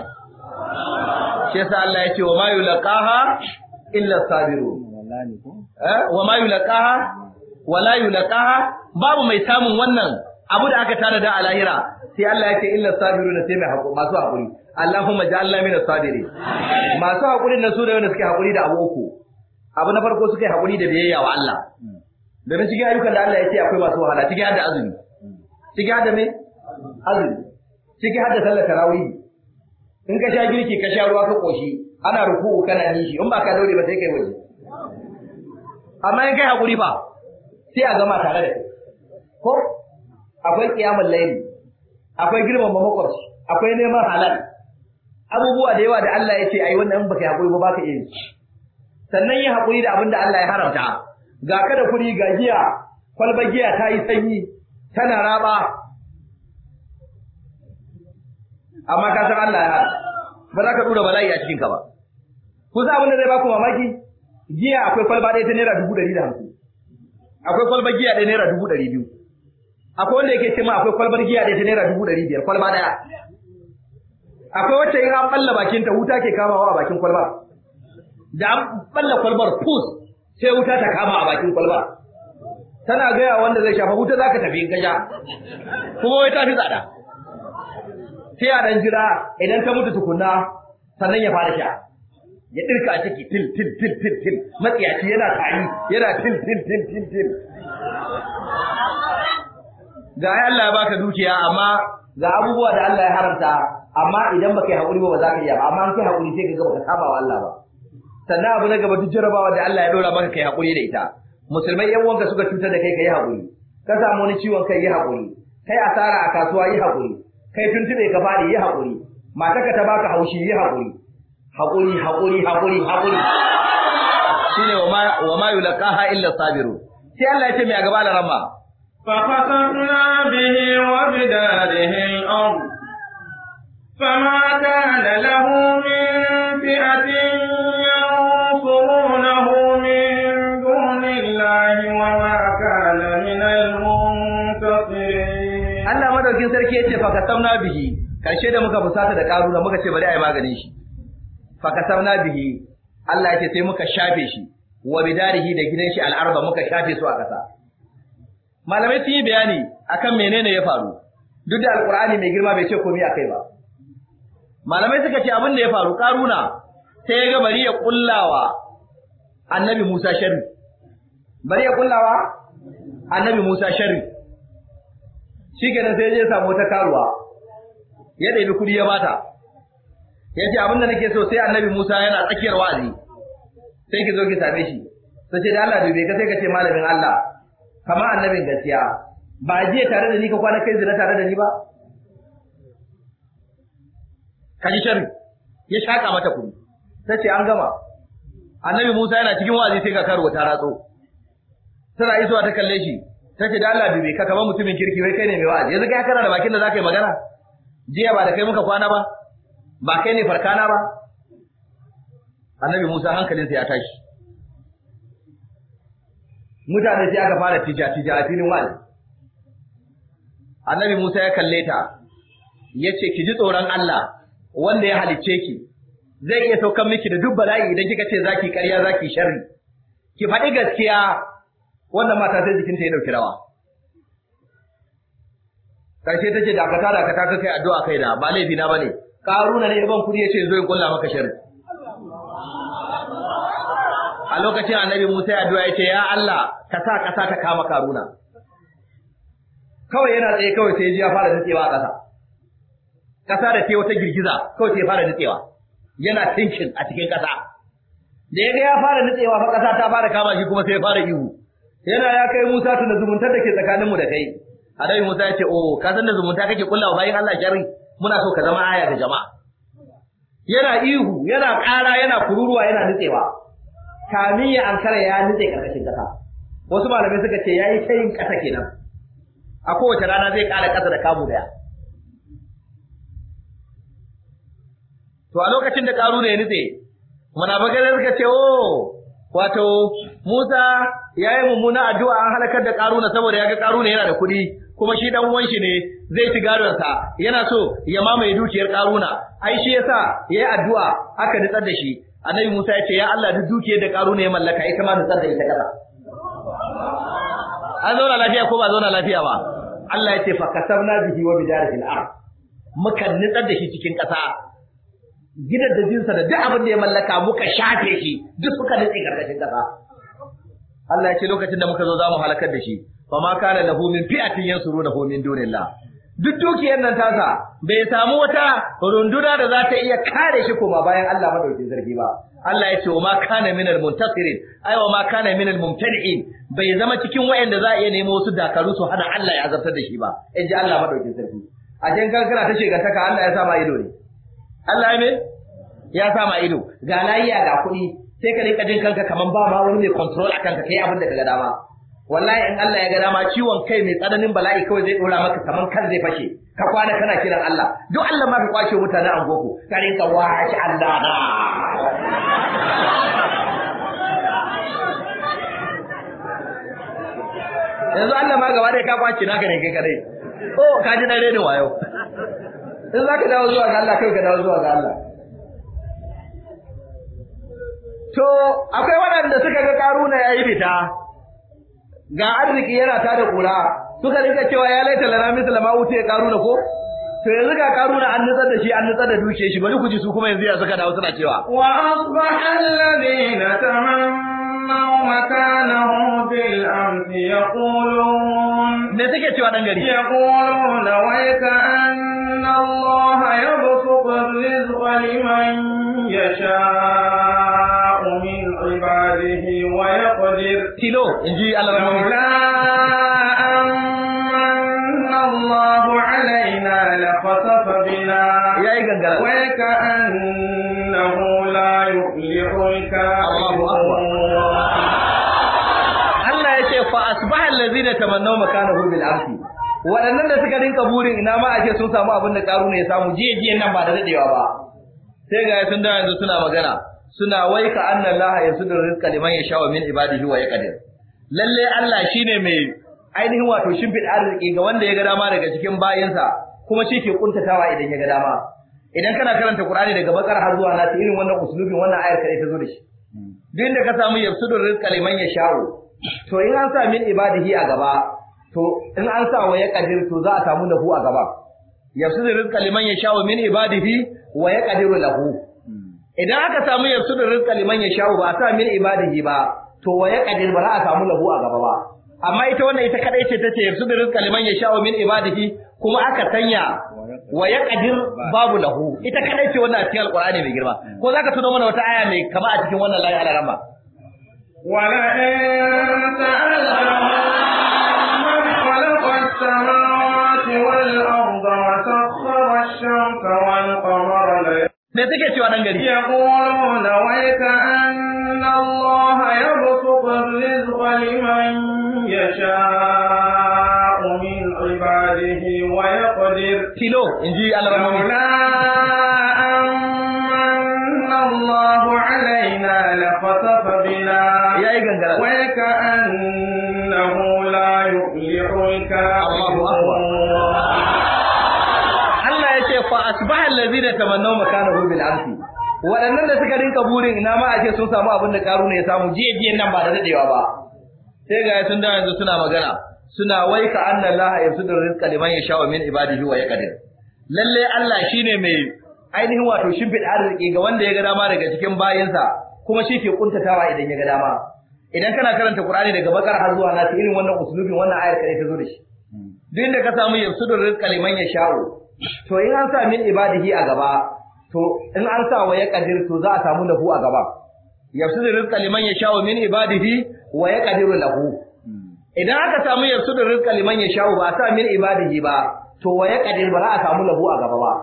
shi yasa Allah ya ce wa ma yulqaha illa eh wa ma yulqaha wala yulqaha babu mai samun wannan abu da aka tanada a lahira sai Allah ya ce illa Sabiru na sai mai hakuri masu hakuri Allahumma ja'alna minas sabirin masu hakuri na su da wanda suke hakuri da abu uku abu na farko suke hakuri da biyayya wa Allah hmm. ne cikin ayyukan da Allah ya ce akwai masu wahala cikin hadda azumi hmm. cikin hadda me azumi cikin hadda sallar tarawih in ka sha girki ka sha ruwa ka koshi ana ruku'u kana nishi in ba ka daure ba sai kai waje amma in kai hakuri ba sai a gama tare da kai ko akwai kiyamul layli akwai girmama makwabci akwai neman halal abubuwa da yawa da Allah ya ce ai wannan baka hakuri ba baka iya sannan yi hakuri da abin da Allah ya haramta ga kada kuri ga giya kwalba giya ta yi sanyi tana raba amma ka san Allah ya haramta ba za ka dura bala'i a cikin ka ba ku sa abin da zai baku mamaki giya akwai kwalba ɗaya ta naira dubu ɗari da hamsin akwai kwalba giya ɗaya naira dubu ɗari biyu akwai wanda yake ce akwai kwalbar giya ɗaya ta naira dubu ɗari biyar kwalba ɗaya akwai wacce in an balla bakin ta wuta ke kamawa a bakin kwalbar da an balla kwalbar pus sai wuta ta kama a bakin kwalbar tana gaya wanda zai shafa wuta zaka tafi in kaja kuma wai ta fi tsada sai a dan jira idan ta mutu tukunna sannan ya fara sha ya dirka a ciki til til til til til matsiyaci yana tari yana til til til til til ga Allah ya baka dukiya amma ga abubuwa da Allah ya haramta amma idan baka yi haƙuri ba ba za ka iya ba amma an kai haƙuri sai ka ga baka saba wa Allah ba sannan abu na gaba duk jarabawa da Allah ya dora maka kai haƙuri da ita musulmai yan wanka suka cutar da kai kai haƙuri ka samu wani ciwon kai yi haƙuri kai asara a kasuwa yi haƙuri kai tuntube ka faɗi yi haƙuri ka ta baka haushi yi haƙuri haƙuri haƙuri haƙuri haƙuri shine wa ma yulqaha illa sabiru sai Allah ya ce mai a gaba da ramma fa fatatna bihi wa bidarihi al-ard كان له من فئة ينصرونه من دون الله وما كان من المنتصرين Allah madaukin sarki yace fa kasamna bihi karshe da muka fusata da karura muka ce bari ai maganin shi fa kasamna bihi Allah ce sai muka shafe shi wa bidarihi da gidan shi al'arba muka shafe su a ƙasa malamai sun yi bayani akan menene ya faru duk da alqur'ani mai girma bai ce komai kai ba malamai suka ce abin da ya faru karuna sai ya ga bari ya kullawa annabi Musa sharri bari ya kullawa annabi Musa sharri shikenan sai ya samu wata karuwa ya ɗebi kuɗi ya bata ya ce abin da nake so sai annabi Musa yana tsakiyar wa'azi sai ki zo ki same shi sai ce da Allah bai ka sai ka ce malamin Allah kamar annabin gaskiya ba je tare da ni ka kwana kai zina tare da ni ba ka ji sharri ya shaka mata kuɗi ta ce an gama annabi Musa yana cikin wa'azi sai ga karuwa ta ratso tana isowa ta kalle shi ta ce da Allah bibi ka kama mutumin kirki wai kai ne mai wa'azi yanzu kai kana da bakin da ka yi magana jiya ba da kai muka kwana ba ba kai ne farkana ba annabi Musa hankalinsa ya tashi mutane sai aka fara tija tija a filin wa'azi annabi Musa ya kalle ta yace ki ji tsoron Allah wanda ya halicce ki zai iya saukan miki da duk bala'i idan kika ce zaki ƙarya zaki sharri ki faɗi gaskiya wannan mata sai jikinta ya dauki rawa karshe tace dakata dakata ka kai addu'a kai da ba laifi na bane karuna ne ban kudi yace zo in kulla maka sharri a lokacin annabi Musa ya addu'a yace ya Allah ka sa kasa ka kama karuna kawai yana tsaye kawai sai ya fara tsayewa a ƙasa. kasa da ta wata girgiza kawai sai fara nutsewa yana tinkin a cikin kasa da yaga ya fara nutsewa fa kasa ta fara kama shi kuma sai ya fara ihu yana ya kai Musa tun da zumunta da ke tsakanin mu da kai Annabi Musa ya ce oh ka san da zumunta kake kullawa bayan Allah sharri muna so ka zama aya ga jama'a yana ihu yana ƙara yana kururuwa yana nutsewa kamin ya ankara ya nutse karkashin kasa wasu malamai suka ce yayi tayin kasa kenan a kowace rana zai ƙara kasa da kamu daya to a lokacin da ƙaruna ya nutse munafikai suka ce "Oh, wato Musa ya yi mummuna addu'a an halakar da ƙaruna saboda ya ga ƙaruna yana da kuɗi kuma shi dan uwan shi ne zai ci gadonsa yana so ya mamaye dukiyar ƙaruna ai shi yasa yayi addu'a aka nutsar da shi annabi Musa ya ce ya Allah duk dukiyar da ƙaruna ya mallaka ita ma nutsar da ita kaza an zauna lafiya ko ba zauna lafiya ba Allah ya ce fa kasabna bihi wa bidarihi al-ard muka nutsar da shi cikin ƙasa gidan da jinsa da duk abin da ya mallaka muka shafe shi duk suka nutse karkashin kasa Allah ya ce lokacin da muka zo za mu halakar da shi fa ma kana lahu min fi'atin yansurunahu min dunillah duk dukiyar nan tasa bai samu wata runduna da za ta iya kare shi koma bayan Allah madaukin sarki ba Allah ya ce wa ma kana al muntasirin ai wa ma kana al mumtani'in bai zama cikin wayanda za a iya nemo wasu dakaru su hana Allah ya azabtar da shi ba in ji Allah madaukin sarki a can kankana ta shegantaka Allah ya sa ma ido ne Allah ya ya sa ma ido ga layiya ga kuɗi sai ka rika jin kanka kaman ba ma wani mai control akan ka kai abin da ka ga dama wallahi in Allah ya ga dama ciwon kai mai tsananin bala'i kawai zai dora maka kaman kan zai fashe ka kwana kana kiran Allah duk Allah ma ka kwace mutane an goko ka rinka wace Allah na yanzu Allah ma gaba dai ka kwace naka ne kai kadai oh ka ji dare ne wayo in za ka dawo zuwa ga Allah kai ka dawo zuwa ga Allah to akwai waɗanda suka ga karuna ya yi fita ga arziki yana ta da ƙura suka rinka cewa ya laita lana misla ma wuce karuna ko to yanzu ga karuna an nutsar da shi an nutsar da duke shi bari ku ji su kuma yanzu ya suka dawo suna cewa wa asbaha alladhina tamammaw makanahu bil amsi yaqulun me suke cewa dan gari Yaqulun wa ka إن الله يبسط الرزق لمن يشاء من عباده ويقدر تلو إنجي الله لولا أن الله علينا لخسف بنا وكأنه لا يفلح الكافرون الله يشفى أصبح الذين تمنوا مكانه بالعافية waɗannan da suka rinka burin ina ma a ce sun samu abin da ƙaru ne ya samu jiya nan ba da daɗewa ba sai ga sun da yanzu suna magana suna wai ka anna Allah ya sudur rizqa liman yasha wa min ibadihi wa yaqdir lalle Allah shine mai ainihin wato shimfid arziki ga wanda ya ga dama daga cikin bayinsa kuma shi ke kuntatawa idan ya ga dama idan kana karanta Qur'ani daga bakar har zuwa nasi irin wannan usulubin wannan ayar kai ta zo da shi duk inda ka samu yafsudur rizqa liman yasha to in an sa min ibadihi a gaba to in an sa wa ya kadir to za a samu lahu a gaba yafsudu rizqa liman yasha'u min ibadihi wa yaqdiru lahu idan aka samu yafsudu rizqa liman yasha'u ba a sa min ibadihi ba to wa yaqdir ba za a samu lahu a gaba ba amma ita wannan ita kadai ce tace yafsudu rizqa liman yasha'u min ibadihi kuma aka sanya wa yaqdir babu lahu ita kadai ce wannan a cikin alqur'ani mai girma ko zaka tuno mana wata aya mai kama a cikin wannan layi alarama wala in ta'ala الشمس والقمر me suke cewa dan gari yaquluna waika anna Allah yabsutu ar-rizqa liman yasha'u min ibadihi wa yaqdir tilo inji al-rahman anna Allah alaina la fatafa bina yayi gangara waika annahu la asbahal ladina tamannaw makanahu bil amsi waɗannan da suka rinka burin ina ma ake sun samu abin da karu ne ya samu je jiyan nan ba da dadewa ba sai ga sun da yanzu suna magana suna wai ka anna Allah yasudu rizqa liman wa min ibadihi wa yaqdir lalle Allah shine mai ainihin wato shimfid arziki ga wanda ya ga dama daga cikin bayinsa kuma shi ke kuntatawa idan ya ga dama idan kana karanta Qur'ani daga bakar har zuwa na irin wannan usulubin wannan ayar kai ta zo da shi duk inda ka samu yasudu rizqa liman yasha'u to in an sa min ibadihi a gaba to in an sa wa ya kadir to za a samu lahu a gaba yafsudu rizqa liman yasha'u min ibadihi wa kadir lahu idan aka samu yafsudu rizqa liman yasha'u ba sa min ibadihi ba to wa kadir ba za a samu lahu a gaba ba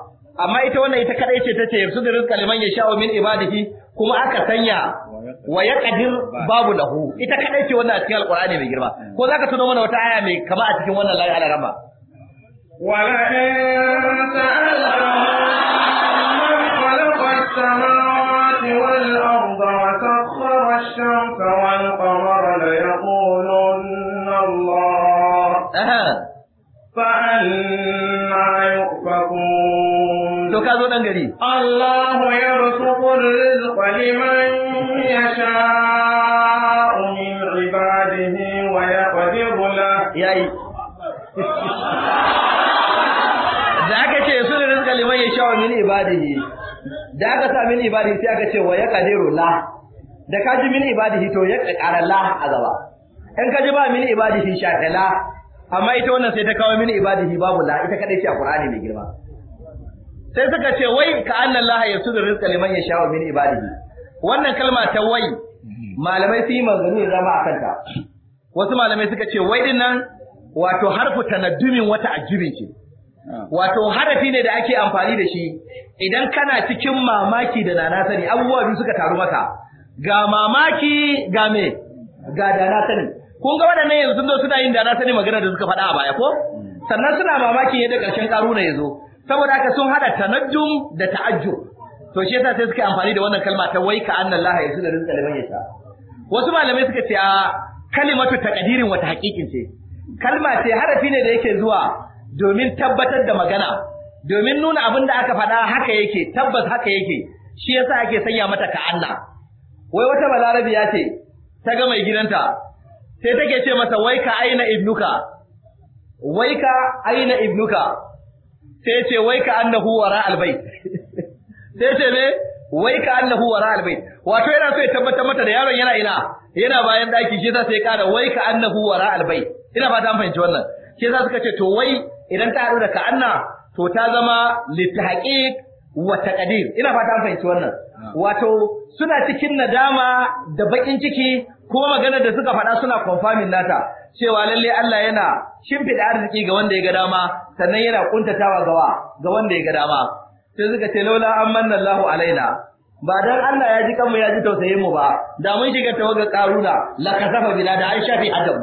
amma ita wannan ita kadai ce tace yafsudu rizqa liman yasha'u min ibadihi kuma aka sanya wa kadir babu lahu ita kadai ce wannan a cikin alqur'ani mai girma ko zaka tuno mana wata aya mai kama a cikin wannan layi alarama ولئن سألتهم من خلق السماوات والأرض وسخر الشمس والقمر ليقولن الله فأنا يؤفكون الله يرزق الرزق لمن يشاء من عباده ويقدر له wa min ibadihi da aka sa min ibadihi sai aka ce wa ya qadiru la da ka ji min ibadihi to ya qara la azaba in ka ji ba min ibadihi shafe la amma ita wannan sai ta kawo min ibadihi babu la ita kadai ce a Qur'ani mai girma sai suka ce wai ka anna Allah ya sudu rizqa liman yasha wa min ibadihi wannan kalma ta wai malamai su yi manzanni zama akan ta wasu malamai suka ce wai dinnan wato harfu tanaddumin wata ajibin ce Ah. wato harafi ne da ake amfani da shi idan kana cikin mamaki da dana sani abubuwa biyu suka taru maka ga mamaki ga me ga dana sani kun ga waɗannan yanzu sun zo suna yin dana sani magana da suka faɗa a baya ko sannan suna mamakin yadda ƙarshen ƙaruna ya zo saboda haka sun hada tanajjum da ta'ajjub to shi yasa sai suka amfani da wannan kalma ta wai ka anna Allah ya zuna rizqa liman yasa. wasu malamai suka ce a kalimatu taqdirin wata haqiqin ce kalma ce harafi ne da yake zuwa domin tabbatar da magana domin nuna abin da aka faɗa haka yake tabbas haka yake shi yasa ake sanya mata ka Allah wai wata balarabiya ce ta ga mai gidanta sai take ce masa wai ka aina ibnuka wai ka aina ibnuka sai ce wai ka annahu wara albayt [LAUGHS] sai ce ne wai ka annahu wara albayt wato yana so ya tabbatar mata da yaron yana ina yana bayan daki shi yasa sai ya kara wai ka annahu wara albayt ina fata an fahimci wannan shi yasa suka ce to wai idan ta haɗu da ka'anna to ta zama litahqiq wa taqdir ina fata an fahimci wannan wato suna cikin nadama da bakin ciki ko magana da suka faɗa suna confirming nata cewa lalle Allah yana shimfiɗa arziki ga wanda ya ga dama sannan yana kuntatawa gawa ga wanda ya ga dama sai suka ce laula manna Allahu alaina ba dan Allah ya ji kanmu ya ji tausayin mu ba da mun shiga tawaga karuna la kasafa bila da an shafi adam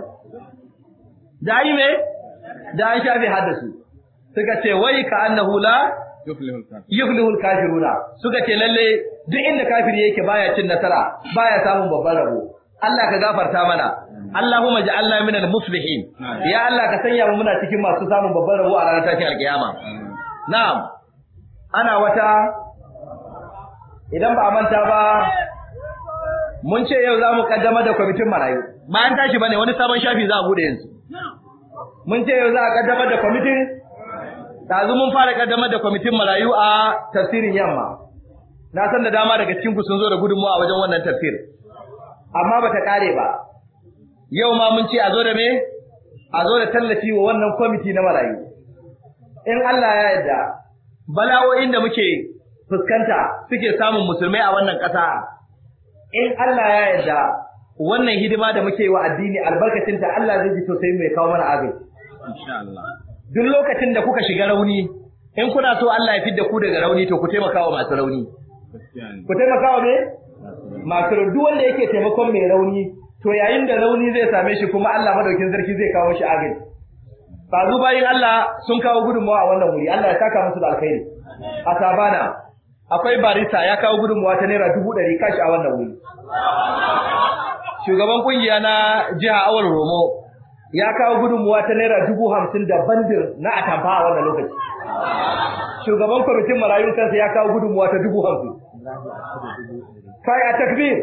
da yi me da an shafe haddasu suka ce wai ka annahu la yuflihul kafiruna suka ce lalle duk inda kafiri yake baya cin nasara baya samun babban rabo Allah ka gafarta mana Allahumma ja'alna minal muslihin ya Allah ka sanya mu muna cikin masu samun babban rabo a ranar tashin alkiyama na'am ana wata idan ba a manta ba mun ce yau za mu kaddamar da kwamitin marayu Ba an tashi bane wani sabon shafi za a bude yanzu mun ce yau za a kaddamar da kwamitin ɗazu mun fara kaddamar da kwamitin marayu a tafsirin yamma na san da dama daga cikin ku sun zo da gudunmawa wajen wannan tafsir amma ba ta kare ba yau ma mun ce a zo da me a zo da tallafi wa wannan kwamiti na marayu in Allah ya yarda bala'o'in da muke fuskanta suke samun musulmai a wannan ƙasa in Allah ya yarda wannan hidima da muke wa addini albarkacin ta Allah zai ji sosai mai kawo mana agaji Duk lokacin da kuka shiga rauni, in kuna so Allah ya fidda ku daga rauni to ku taimaka wa masu rauni. Ku taimaka wa me? Masu rauni. Duk wanda yake taimakon mai rauni, to yayin da rauni zai same shi kuma Allah madaukin sarki zai kawo shi agari. zu bayin Allah sun kawo gudunmawa a wannan wuri, Allah ya saka musu da alkhairi. A sabana, akwai barista ya kawo gudunmawa ta naira dubu ɗari kashi a wannan wuri. Shugaban ƙungiya na jiha Awal Romo ya kawo gudunmuwa ta naira dubu hamsin da bandir na atamfa a wannan lokaci shugaban kwamitin marayun kansa ya kawo gudunmuwa ta dubu hamsin kai a takbir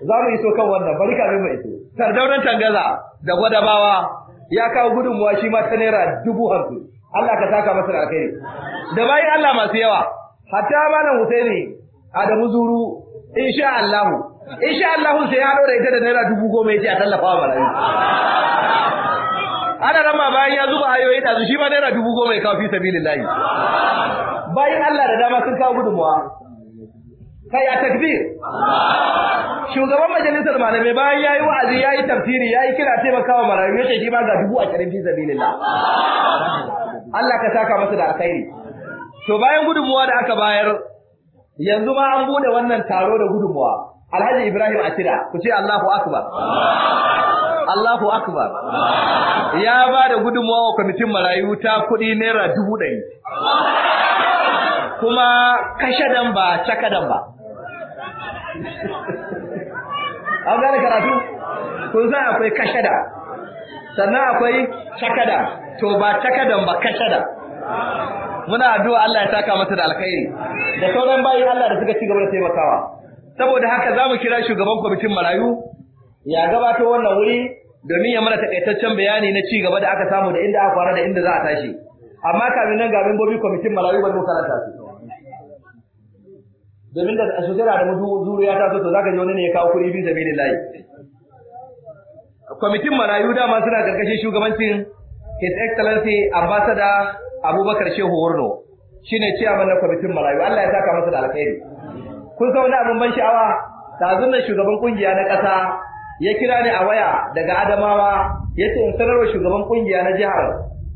za mu iso kan wannan bari kamin mu iso sardaunan tangaza da gwadabawa ya kawo gudunmuwa shi ma ta naira dubu hamsin Allah ka saka masa alkhairi da bayan Allah masu yawa hatta malam Husaini Adamu Zuru sha Allahu. insha Allah sai ya hado da ita da naira dubu goma yace a tallafa wa marayu ana ma bayan ya zuba ayoyi da shi ma naira dubu goma ya kawo fi sabilillahi bayan Allah da dama sun kawo gudunmuwa kai a takbir shugaban majalisar malamai bayan ya yi wa'azi ya yi tafsiri yi kira wa marayu yace shi ma ga dubu ashirin fi sabilillah Allah ka saka masa da alkhairi to bayan gudunmuwa da aka bayar yanzu ma an bude wannan taro da gudunmuwa Alhaji Ibrahim Atira ku ce Allahu Akbar Allahu Akbar ya ba da gudunmawa kwamitin marayu ta kuɗi naira dubu ɗari kuma dan ba cakadan ba an gane karatu kun san akwai da, sannan akwai cakada to ba cakadan ba da. muna addu'a Allah ya saka masa da alkhairi da sauran bayin Allah da suka ci gaba da taimakawa saboda haka za mu kira shugaban kwamitin marayu ya gabatar wannan wuri domin ya mana takaitaccen bayani na ci gaba da aka samu da inda aka fara da inda za a tashi amma kamin nan ga membobi kwamitin marayu ba mu karanta su domin da asotara da mutu zuru ya taso to zaka ji wani ne ya kawo kuɗi bi sabilillahi kwamitin marayu dama suna gargashin shugabancin his excellency ambassador abubakar shehu wurno shine ciyaman na kwamitin marayu Allah ya saka masa da alkhairi kun ga wani abin ban sha'awa tazun nan shugaban kungiya na ƙasa ya kira ni a waya daga Adamawa ya ce in sanarwa shugaban kungiya na jihar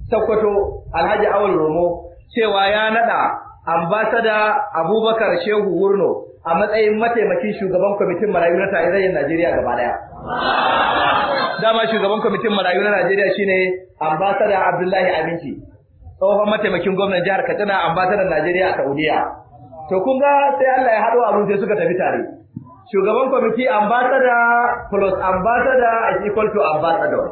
Sokoto Alhaji Awul Romo cewa ya naɗa ambasada Abubakar Shehu Wurno a matsayin mataimakin shugaban kwamitin marayu na tarayyar Najeriya gaba daya. Dama shugaban kwamitin marayu na Najeriya shine ambasada Abdullahi Aminci. Tsohon mataimakin gwamnan jihar Katsina ambasadar Najeriya a Saudiya. To kun ga sai Allah ya haɗo abin sai suka tafi tare. Shugaban kwamiti ambassador plus ambassador is equal to ambassador.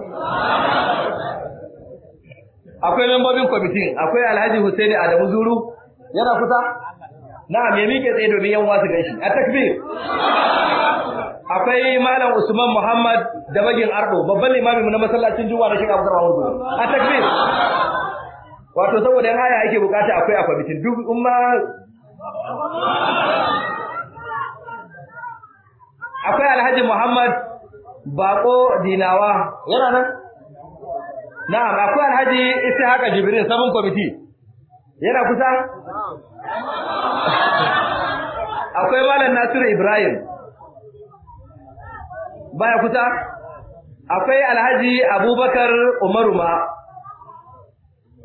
Akwai membobin kwamiti, akwai Alhaji Hussaini Adamu Zuru, yana kusa? Na'am, ya mike tsaye domin yan wasu gaishe. A takbir. Akwai Malam Usman Muhammad da bagin Ardo, babban limamin na masallacin Juma'a da shi Abu Bakar A takbir. Wato saboda yan haya ake bukata akwai a kwamitin duk umma akwai alhaji muhammad bako dinawa yana nan na'am akwai alhaji haka jibirin sabon Kwamiti. yana kusa [LAUGHS] akwai malam nasiru ibrahim baya kusa akwai alhaji abubakar umaru ma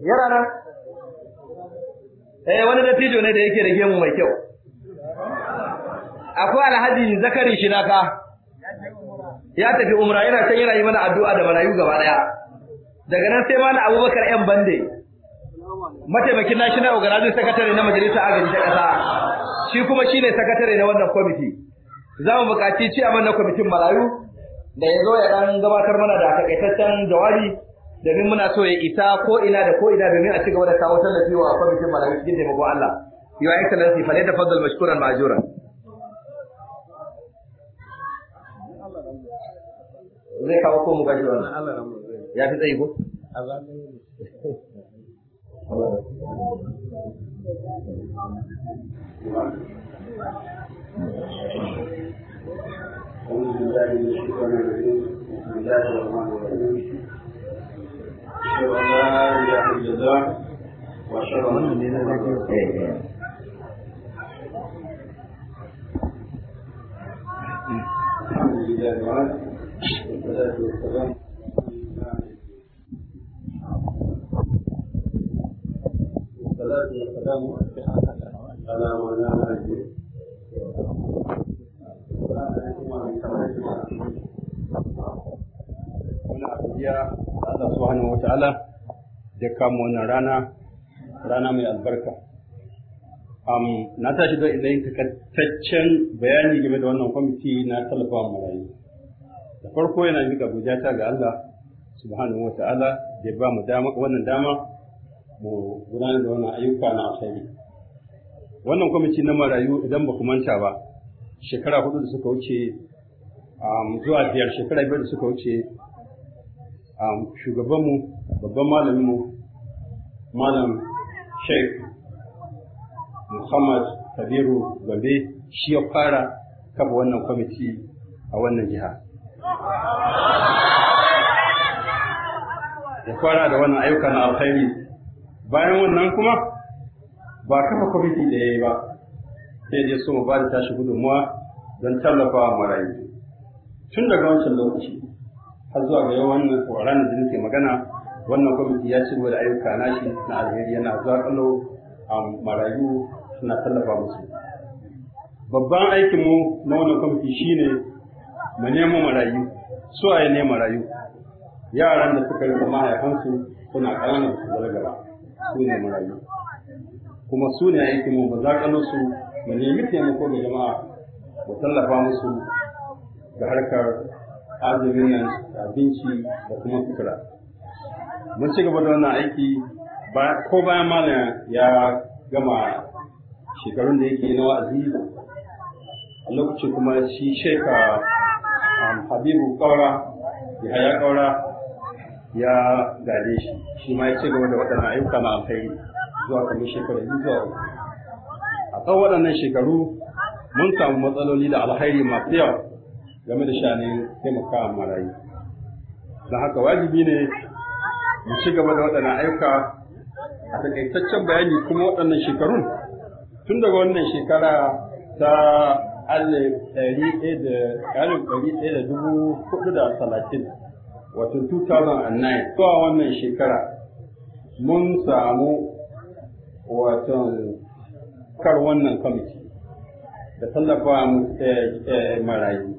yana nan eh wani dattijo ne da yake da mu mai kyau akwai alhaji zakari Shinaka. ya tafi umra yana san yana yi mana addu'a da marayu gaba daya daga nan sai mana abubakar yan bande mataimakin national organizing secretary na majalisar agaji ta kasa shi kuma shine sakatare na wannan kwamiti. za mu buƙaci ci a na kwamitin marayu da ya zo ya dan gabatar mana da takaitaccen jawabi domin muna so ya isa ko ina da ko ina domin a cigaba da kawo tallafi wa kwamitin malamai cikin taimakon Allah your excellency fa da faddal mashkuran ma'jura zai kawo ko mu gashi wannan ya fi tsayi ko أعوذ بالله من الشيطان الرجيم بسم الله الرحمن الرحيم أشهد أن لا إله إلا الله وأشهد أن الحمد لله وعلا والصلاة والسلام والصلاة والسلام على مولانا الجليل السلام عليكم ورحمة muna godiya Allah subhanahu wataala da kama wannan rana rana mai albarka um, na tashi don idan yin takaitaccen bayani game da wannan kwamiti na tallafawa marayu da farko yana mika godiya ga Allah subhanahu wataala da ba mu dama wannan dama mu gudanar da wannan ayyuka na alkhairi wannan kwamiti na marayu idan ba ku manta ba shekara hudu da suka wuce zuwa biyar shekara biyar da suka wuce Um, shugabanmu babban malaminmu malam sheikh muhammad kabiru gombe shi ya fara kaba wannan kwamiti a wannan jiha ya fara da wannan ayyuka na alkhairi bayan wannan kuma ba kafa kwamiti da ya yi ba sai dai so ba da tashi gudunmuwa don tallafa marayu tun daga wancan lokaci har zuwa ga yawan ranar da nake magana wannan kwamiti ya ci da ayyuka shi na alheri yana kallo a um, marayu suna tallafa musu babban aikin mu na wannan kwamiti shine mu nemo marayu su a ne marayu yaran da suka rika mahaifansu suna ƙananan su gargara, su ne marayu kuma su ne aikin mu mu kallo su mu nemi taimako ga jama'a mu tallafa musu ga harkar azumin nan abinci da kuma sutura mun ci gaba da wannan aiki ko bayan malam ya gama shekarun da yake na wa'azi a lokacin kuma shi sheka um, habibu kaura ya haya kaura ya gade shi shi ma ya ci gaba da waɗannan ayyuka na alkhairi zuwa kamar shekara biyu zuwa uku a tsawon waɗannan shekaru mun samu matsaloli da alhairi masu yawa game da shanin a marayu don haka wajibi ne mu ci gaba da waɗannan ayyuka a takaitaccen bayani kuma waɗannan shekarun tun daga wannan shekara ta alif ɗari ɗaya da dubu hudu da talatin wato 2009 zuwa wannan shekara mun samu wato kar wannan kwamiti da tallafa eh, eh, marayu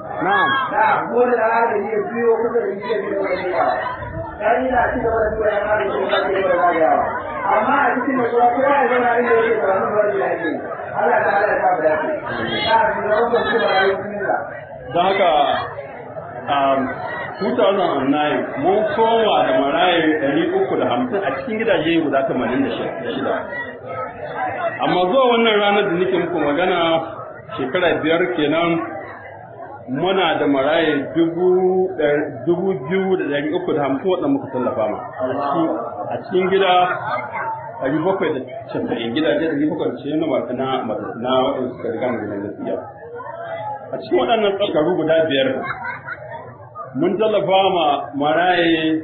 na'am ko da da ya biyo kusa da shi ne ba kai na ci gaba da zuwa ya fara da shi ba da ya amma a cikin mutuwa ko ya zama inda yake da wannan wani yake Allah ta Allah ta bada shi ta shi da wannan shi ba ya yi da haka um 2009 mun kowa da maraye 350 a cikin gidaje guda 86 amma zuwa wannan ranar da nake muku magana shekara biyar kenan muna da marayin dubu biyu da ɗari uku da hamsin waɗanda muka tallafa ma a cikin gida ɗari bakwai da casa'in gida da ɗari bakwai da casa'in na na waɗanda suka riga mai gidan gaskiya a cikin waɗannan tsakaru guda biyar mun tallafa ma marayin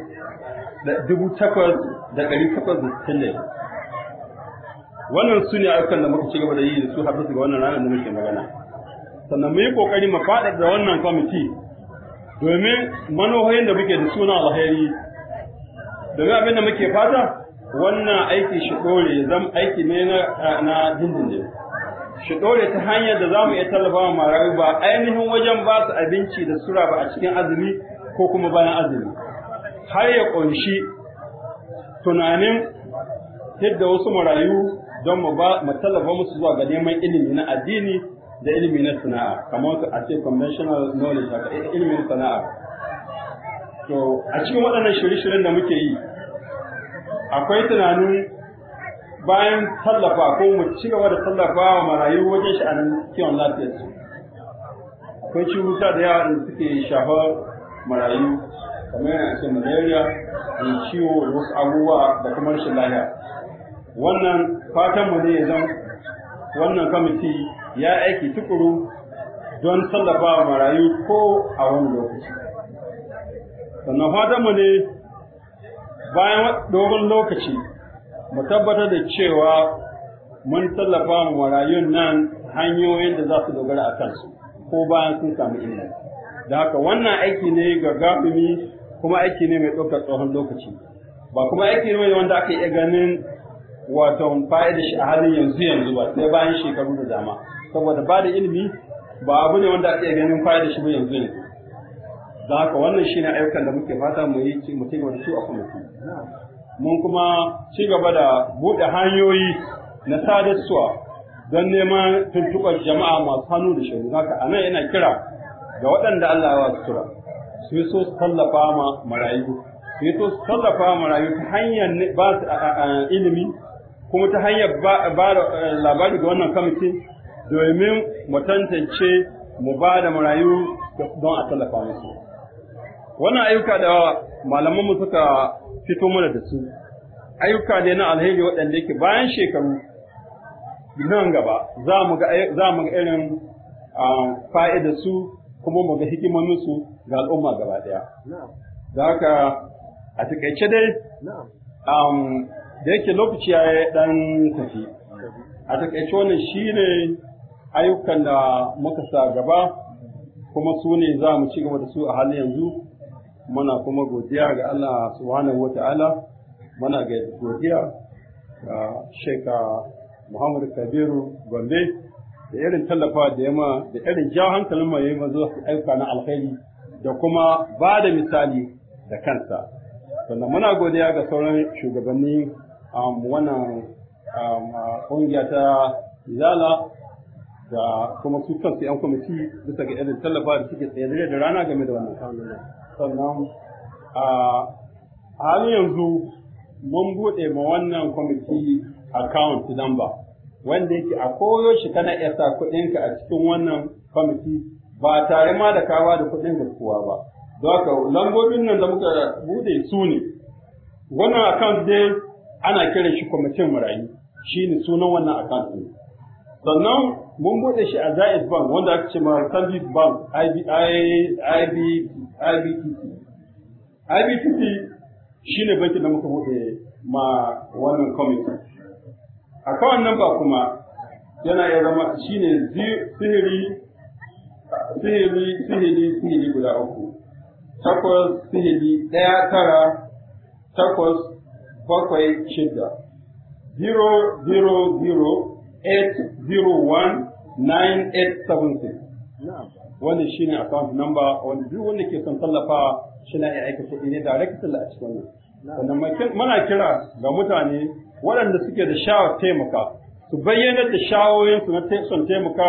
dubu takwas da ɗari takwas da sittin wannan su ne ayyukan da muka ci gaba da yi da su har ga wannan ranar da muke magana sannan mu yi kokari mu da wannan kwamiti domin manohoyin da muke da suna alheri domin abin da muke fata wannan aiki shi ɗore zan aiki ne na dindindin shi ɗore ta hanyar da zamu iya tallafa wa marayu ba ainihin wajen ba su abinci da sura ba a cikin azumi ko kuma bayan azumi har ya ƙunshi tunanin yadda wasu marayu don mu tallafa musu zuwa ga neman ilimi na addini da ilimi na sana'a kamar a ce conventional knowledge haka eh, ilimin sana'a to a cikin waɗannan shirye-shiryen da muke yi akwai tunanin bayan tallafa ko mu ci gaba da tallafa wa marayu wajen sha'anin kiwon lafiyar su akwai ciwuka da yawa da suke shafar marayu kamar yana ce malaria da ciwo da wasu abubuwa da kuma rashin wannan fatanmu ne ya zan wannan kamiti ya aiki tukuru don tallafawa marayu ko a wani lokaci sannan fatanmu ne bayan dogon lokaci mu tabbatar da cewa mun tallafa marayun nan hanyoyin da za su dogara a kansu ko bayan sun samu ilimi da haka wannan aiki ne ga gafimi kuma aiki ne mai ɗaukar tsohon lokaci ba kuma aiki ne wanda aka iya ganin wato fa'ida shi a halin yanzu yanzu ba sai bayan shekaru da dama saboda ba da ilimi ba abu ne wanda ake ganin da shi ba yanzu ne Za ka wannan shi ne ayyukan da muke fata mu yi ci gaba da su a kuma su mun kuma ci gaba da buɗe hanyoyi na sadarsuwa don neman tuntuɓar jama'a masu hannu da shirin haka a nan yana kira ga waɗanda Allah ya wasu tura su yi so su tallafa ma marayu su yi so su tallafa ma marayu ta hanyar ba su ilimi kuma ta hanyar ba da eh, labari ga wannan kamitin domin mu tantance mu ba da marayu don a tallafa musu wannan ayyuka da malamanmu suka fito mana da su ayyuka da na alheri waɗanda yake bayan shekaru nan gaba za mu ga irin fa'ida su kuma mu ga hikimominsu ga al'umma gaba ɗaya da haka a taƙaice dai da yake lokaci ya yi ɗan tafi a taƙaice wannan shi ne ayyukan da muka sa gaba kuma su ne za mu ci gaba da su a halin yanzu muna kuma godiya ga Allah subhanahu wa ta'ala muna ga godiya ga sheka Muhammad Kabiru Gombe da irin tallafa da yama da irin jawo hankalin mai yamma zuwa ayyuka na alkhairi da kuma ba da misali da kansa sannan muna godiya ga sauran shugabanni a um, wannan um, uh, ƙungiya ta Izala da kuma su kansu yan kwamiti bisa ga irin tallafa da suke tsaye da rana game da wannan sannan a halin yanzu mun buɗe ma wannan kwamiti account number wanda yake a koyo shi kana iya sa kuɗinka a cikin wannan kwamiti ba tare ma da kawa da kuɗin gaskuwa ba don haka lambobin nan da muka buɗe su ne wannan account dai ana kiran shi kwamitin marayu shi ne sunan wannan account ne sannan mun bude shi a Jaiz Bank wanda aka ce ma Sandis Bank IBTC. IBTC shi ne bankin da muka bude ma wannan committee. Akawun nan ba kuma yana iya zama shi ne sihiri sihiri sihiri sihiri guda uku. Takwas sihiri ɗaya tara takwas bakwai shida. Zero zero zero 8019876 wannan shine account number wani duk wanda ke son tallafa shi na aika kuɗi ne direct talla a cikin wannan sannan muna kira ga mutane waɗanda suke da shawar taimaka su bayyana da su na son taimaka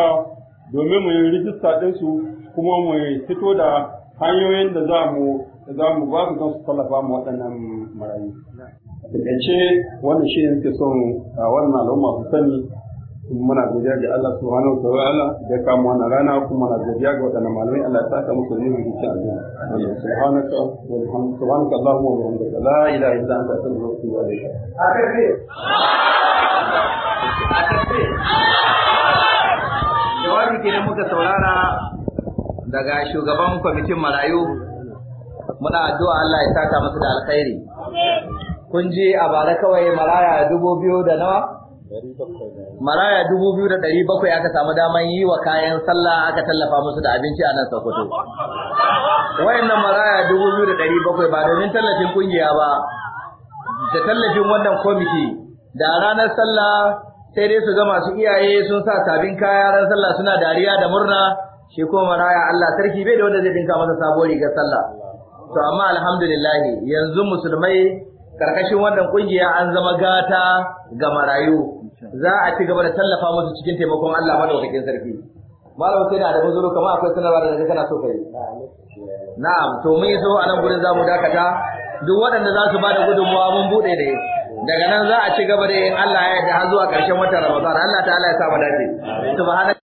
domin mu yi rijista ɗinsu kuma mu fito da hanyoyin da za mu za mu ba su don su tallafa mu waɗannan marayu. Daga ce wannan shi ne suke son wannan al'umma su sani kuma muna godiya ga Allah subhanahu wa ta'ala da ya kama wannan rana kuma muna godiya ga waɗannan malamai Allah ya saka musu ne da cikin aljanna subhanaka walhamdu subhanaka allahumma wa bihamdika la ilaha illa anta astaghfiruka wa atubu ilaik akabir akabir jawabi kenan muka saurara daga shugaban kwamitin marayu muna addu'a Allah ya saka musu da alkhairi kun ji a bara kawai maraya dubu biyu da nawa maraya dubu biyu da ɗari bakwai aka samu damar yi wa kayan sallah aka tallafa musu da abinci a nan Sokoto. Wayannan maraya dubu biyu da ɗari bakwai ba domin tallafin kungiya ba da tallafin wannan kwamiti da ranar sallah sai dai su ga masu iyaye sun sa sabin kaya ran sallah suna dariya da murna shi kuma maraya Allah sarki bai da wanda zai dinka masa sabuwar rigar sallah. To amma alhamdulillah yanzu musulmai karkashin wannan kungiya an zama gata ga marayu za a ci gaba da tallafa musu cikin taimakon Allah madaukakin sarki malamu sai da da zuru kamar akwai sanarwa da kana so kai na'am to mun zo a nan gurin zamu dakata duk waɗanda za su bada gudunmuwa mun bude da daga nan za a ci gaba da Allah ya yarda har zuwa ƙarshen watan Ramadan Allah ta'ala ya sa mu dace subhanallahi